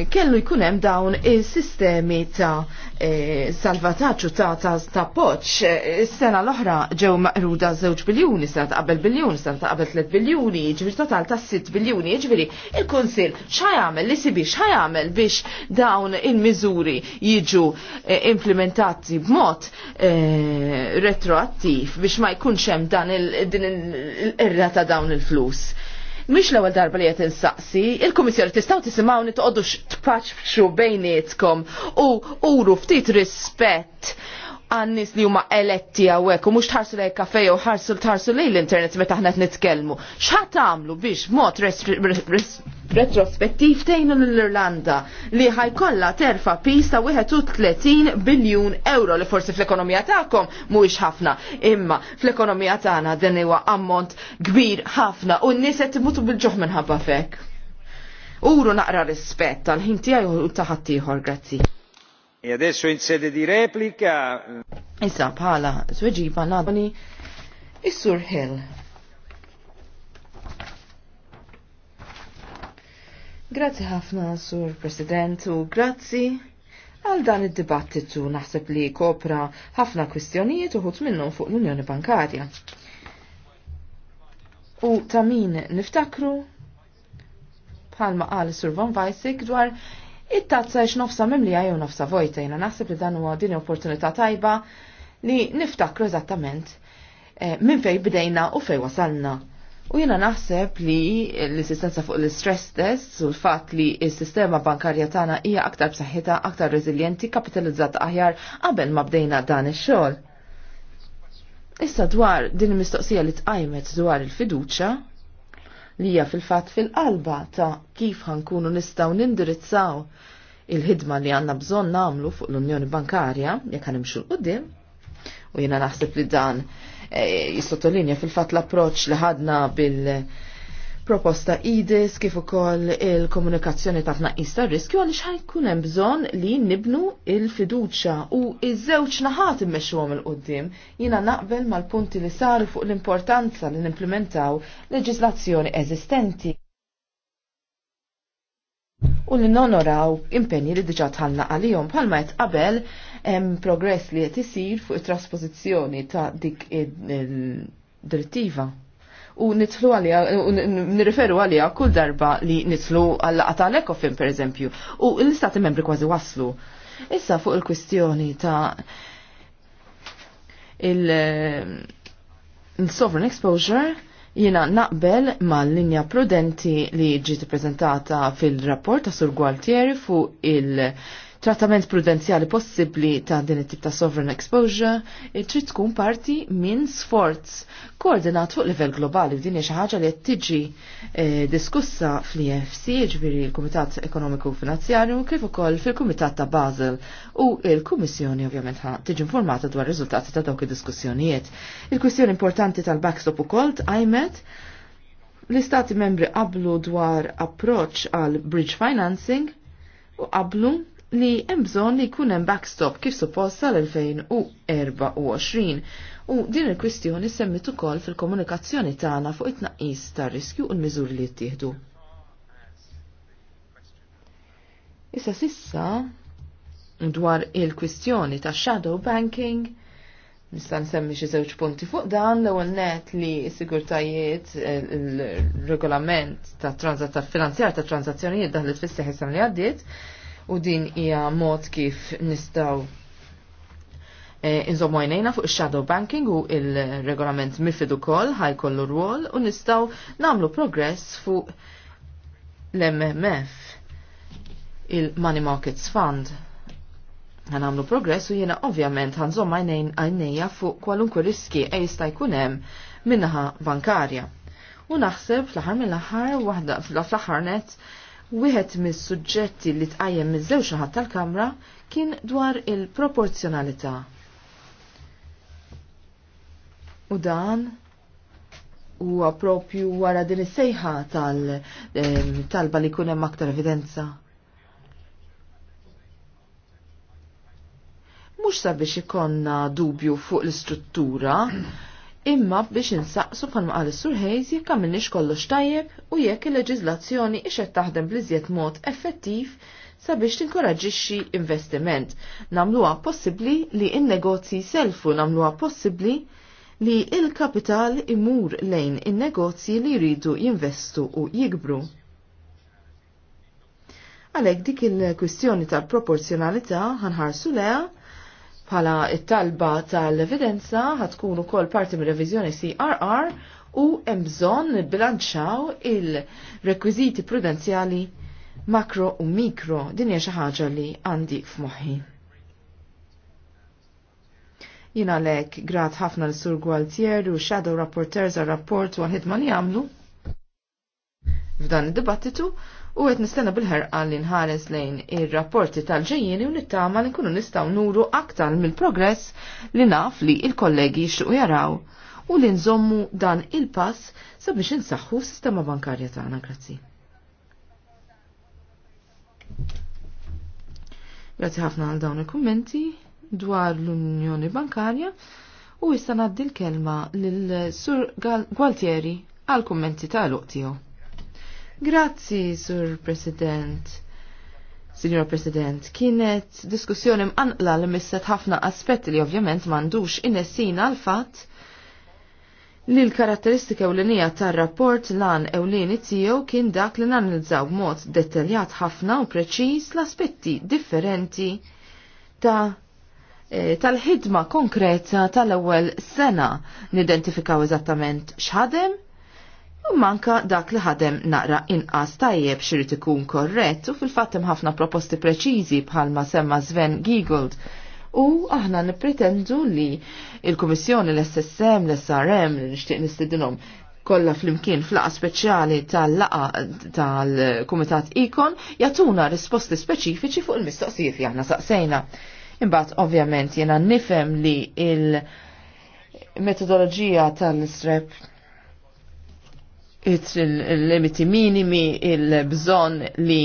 kellu jkun hemm dawn is-sistemi ta' e, salvataġġu ta' ta' poċ. Eh, is-sena l-oħra ġew maqruda żewġ biljuni, sena ta' qabel biljuni, sena ta' qabel 3 biljuni, ġifieri total ta' 6 biljuni, ġifieri il-Kunsill jagħmel li sibi x'ħajamel biex dawn il-miżuri jiġu eh, implementati b'mod retroattiv biex ma jkunx hemm dan il-irra ta' dawn il-flus Mish l-ewwel darba li qed insaqsi, il-Kummissjoni tistgħu tisimgħu nitqogħdu tpaċċu bejnietkom u uru ftit rispett għannis li huma eletti għawek u mux tħarsu lejk kafej u ħarsu tħarsu lej l-internet taħna t nitkelmu. ċħat għamlu biex mot retrospettiv tejnu l-Irlanda li ħajkolla terfa pista 31 biljun euro li forsi fl-ekonomija ta'kom mux ħafna. Imma fl-ekonomija taħna din huwa ammont kbir ħafna u n-nies qed bil-ġuħ minħabba fek. Uru naqra rispett tal-ħin tiegħi u taħattiħor, grazzi. E adesso in sede di replica. Issa bħala tweġiba nadoni is-Sur Hill. Grazzi ħafna, Sur President, u grazzi għal dan id-dibattitu naħseb li kopra ħafna kwistjonijiet uħut minnhom fuq l-Unjoni Bankarja. U ta' min niftakru bħalma qal Sur Von Weissig, dwar it-tazza ix nofsa mimlija jew nofsa vojta jena naħseb li dan huwa din opportunità tajba li niftakru eżattament eh, minn fej bdejna u fej wasalna. U jena naħseb li l-assistenza fuq l-stress test u l-fat li s-sistema bankarja tagħna hija aktar b'saħħitha, aktar reżiljenti, kapitalizzata aħjar qabel ma bdejna dan ix-xogħol. Issa dwar din il-mistoqsija li tqajmet dwar il-fiduċa, li hija fil-fatt fil-qalba ta' kif ħankunu nistgħu nindirizzaw il-ħidma li għandna bżonn nagħmlu fuq l-Unjoni Bankarja jekk imxu l-qudiem u jiena naħseb li dan eh, jisottolinja fil-fatt l-approċċ li ħadna bil- proposta IDIS kif ukoll il-komunikazzjoni ta' tnaqqis ta' riskju għaliex ħajkun hemm bżonn li nibnu il-fiduċja u iż-żewġ naħat immexxuhom il qudiem Jiena naqbel mal-punti li saru fuq l-importanza li nimplementaw leġislazzjoni eżistenti u li nonoraw impenji li diġa tħallna għalihom bħalma qed qabel hemm progress li qed isir fuq it-trasposizzjoni ta' dik il direttiva u nitlu għalija, u nirriferu għalija kull darba li nitlu għal għata l ekofin per eżempju. U l-istati membri kważi waslu. Issa fuq il-kwistjoni ta' il-sovereign eh, exposure jina naqbel mal-linja prudenti li ġiet prezentata fil-rapport ta' Sur Gualtieri fuq il- trattament prudenzjali possibbli ta' din it-tip ta' sovereign exposure eh, trid tkun parti minn sforz koordinat fuq livell globali din xi ħaġa li qed tiġi eh, diskussa fl-EFC, ġifieri l-Kumitat Ekonomiku Finanzjarju kif ukoll fil-Kumitat ta' Basel u l-Kummissjoni ovvjament ħa tiġi informata dwar riżultati ta' dawk id-diskussjonijiet. Il-kwistjoni importanti tal-backstop ukoll tqajmet l-istati membri qablu dwar approċċ għal bridge financing u qablu li hemm bżonn li jkun hemm backstop kif suppost tal 2024 u din il-kwistjoni semmit ukoll fil-komunikazzjoni tagħna fuq it-tnaqqis tar-riskju u l-miżuri li jittieħdu. Issa sissa dwar il-kwistjoni ta' shadow banking nista' nsemmi xi żewġ punti fuq dan l-ewwel net li s-sigurtajiet il-regolament ta' finanzjar ta' tranzazzjonijiet daħlet fis-seħħ li għaddiet u din hija mod kif nistaw eh, Inżommu għajnejna fuq il-shadow banking u il-regolament mifid u koll ħaj kollu rwol u nistaw namlu progress fuq l-MMF, il-Money Markets Fund. Għanamlu progress u jena ovvjament għanżom għajnejn għajnejja fuq kwalunkwe riski e jistaj kunem minnaħa bankarja. U naħseb fl-ħar mill-ħar, fl-ħar net, Wieħed mis-suġġetti li tqajjem miż-żewġ ħadd tal-Kamra kien dwar il-proporzjonalità. U dan huwa propju wara din is-sejħa tal-talba li jkun hemm aktar evidenza. Mhux sabiex ikonna dubju fuq l-istruttura, imma biex insaqsu fan maqal is-sur Hayes jekk għamilniex kollox tajjeb u jekk il leġizlazzjoni ixed taħdem bliżjed mod effettiv sabiex tinkoraġixxi investiment. Namluha possibbli li in-negozji selfu namluha possibbli li il-kapital imur lejn in-negozji li jridu jinvestu u jikbru. Għalhekk dik il-kwistjoni tal-proporzjonalità ħanħarsu leha Pala it-talba tal-evidenza ħatkun ukoll parti mir-reviżjoni CRR u hemm bżonn il-rekwiżiti prudenzjali makro u mikro din hija xi ħaġa li għandi f'moħħi. Jina lek grat ħafna l-Sur Gualtier u Shadow Rapporteurs għal rapport u għal-ħidma li għamlu f'dan id-dibattitu u qed nistenna bil-ħerqan li nħares lejn ir-rapporti tal-ġejjeni u nittama li nkunu nistgħu nuru aktar mill-progress li naf li il-kollegi xuq jaraw u li nżommu dan il-pass sabiex insaħħu s-sistema bankarja tagħna. Grazzi. Grazzi ħafna għal dawn il-kummenti dwar l-Unjoni Bankarja u issa ngħaddi l-kelma l Sur Gualtieri għal kummenti tal-luq tiegħu. Grazzi, Sur President. Signor President, kienet diskussjoni mqanqla li misset ħafna aspetti li ovvjament mandux innessina għal fatt li l-karatteristika ewlenija tar-rapport lan ewlieni tiegħu kien dak li nanalizzaw b'mod dettaljat ħafna u preċiż l-aspetti differenti ta' e, tal-ħidma konkreta tal-ewwel sena nidentifikaw eżattament x'ħadem u manka dak li ħadem naqra inqas tajjeb xirrit ikun korrett u fil-fattem ħafna proposti preċiżi bħalma semma Sven Giegold u aħna nipretendu li il-Komissjoni l-SSM, l-SRM, li nixtieq nistidinhom kollha flimkien fl-laqa' speċjali tal-laqa tal-Kumitat Ikon jatuna risposti speċifiċi fuq il-mistoqsijiet li aħna saqsejna. Imbagħad ovvjament jiena nifhem li il-metodoloġija tal-SREP il-limiti minimi, il-bżon li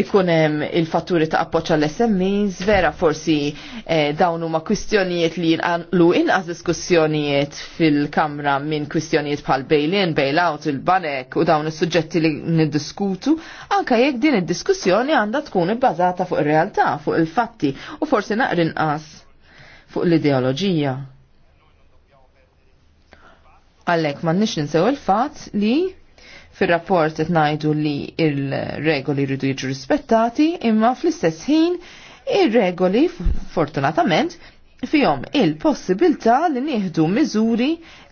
ikunem il-fatturi ta' appoċa l-SMEs, vera forsi eh, dawn dawnu ma' kwistjonijiet li l inqas diskussjonijiet fil-kamra minn kwistjonijiet bħal bail-in, bail-out, il-banek u dawn is-suġġetti li niddiskutu, anka jekk din id-diskussjoni għandha tkun ibbażata fuq ir-realtà, fuq il-fatti u forsi naqri fuq l-ideoloġija. Għallek, ma nix ninsew il-fat li fil-rapport qed ngħidu li il-regoli rridu jiġu rispettati, imma fl-istess ħin ir-regoli fortunatament fihom il-possibilità li nieħdu miżuri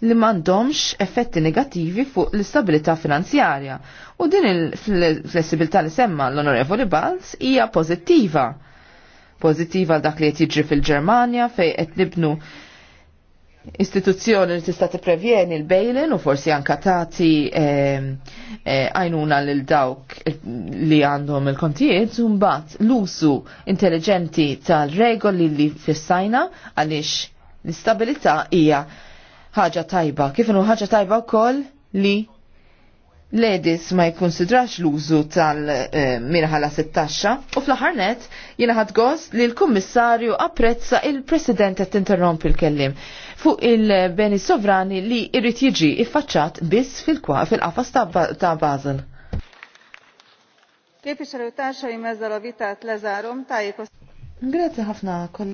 li m'għandhomx effetti negattivi fuq l-istabilità finanzjarja. U din il-flessibilità li semma l-Onorevoli Balz hija pożittiva. Pożittiva dak li qed jiġri fil-Ġermanja fejn qed nibnu istituzzjoni li tista' tipprevjeni l-bejlin u forsi anka tagħti ehm, eh, għajnuna lil dawk li għandhom il-kontijiet u mbagħad l-usu intelligenti tal-regoli li fissajna għaliex l-istabilità hija ħaġa tajba. Kif inhu ħaġa tajba wkoll li Ledis ma jikkonsidrax l-użu tal eh, la 16 u fl-ħarnet jina ħadgost li l-kummissarju apprezza il-president qed interrompi l-kellim. il president qed il president qed interrompi l kellim fuq il-beni sovrani li irrit jiġi iffaċċat biss fil-qafas ta' Basel. Képviselőtársaim ezzel a vitát lezárom, tájékoztatom. Grazie ħafna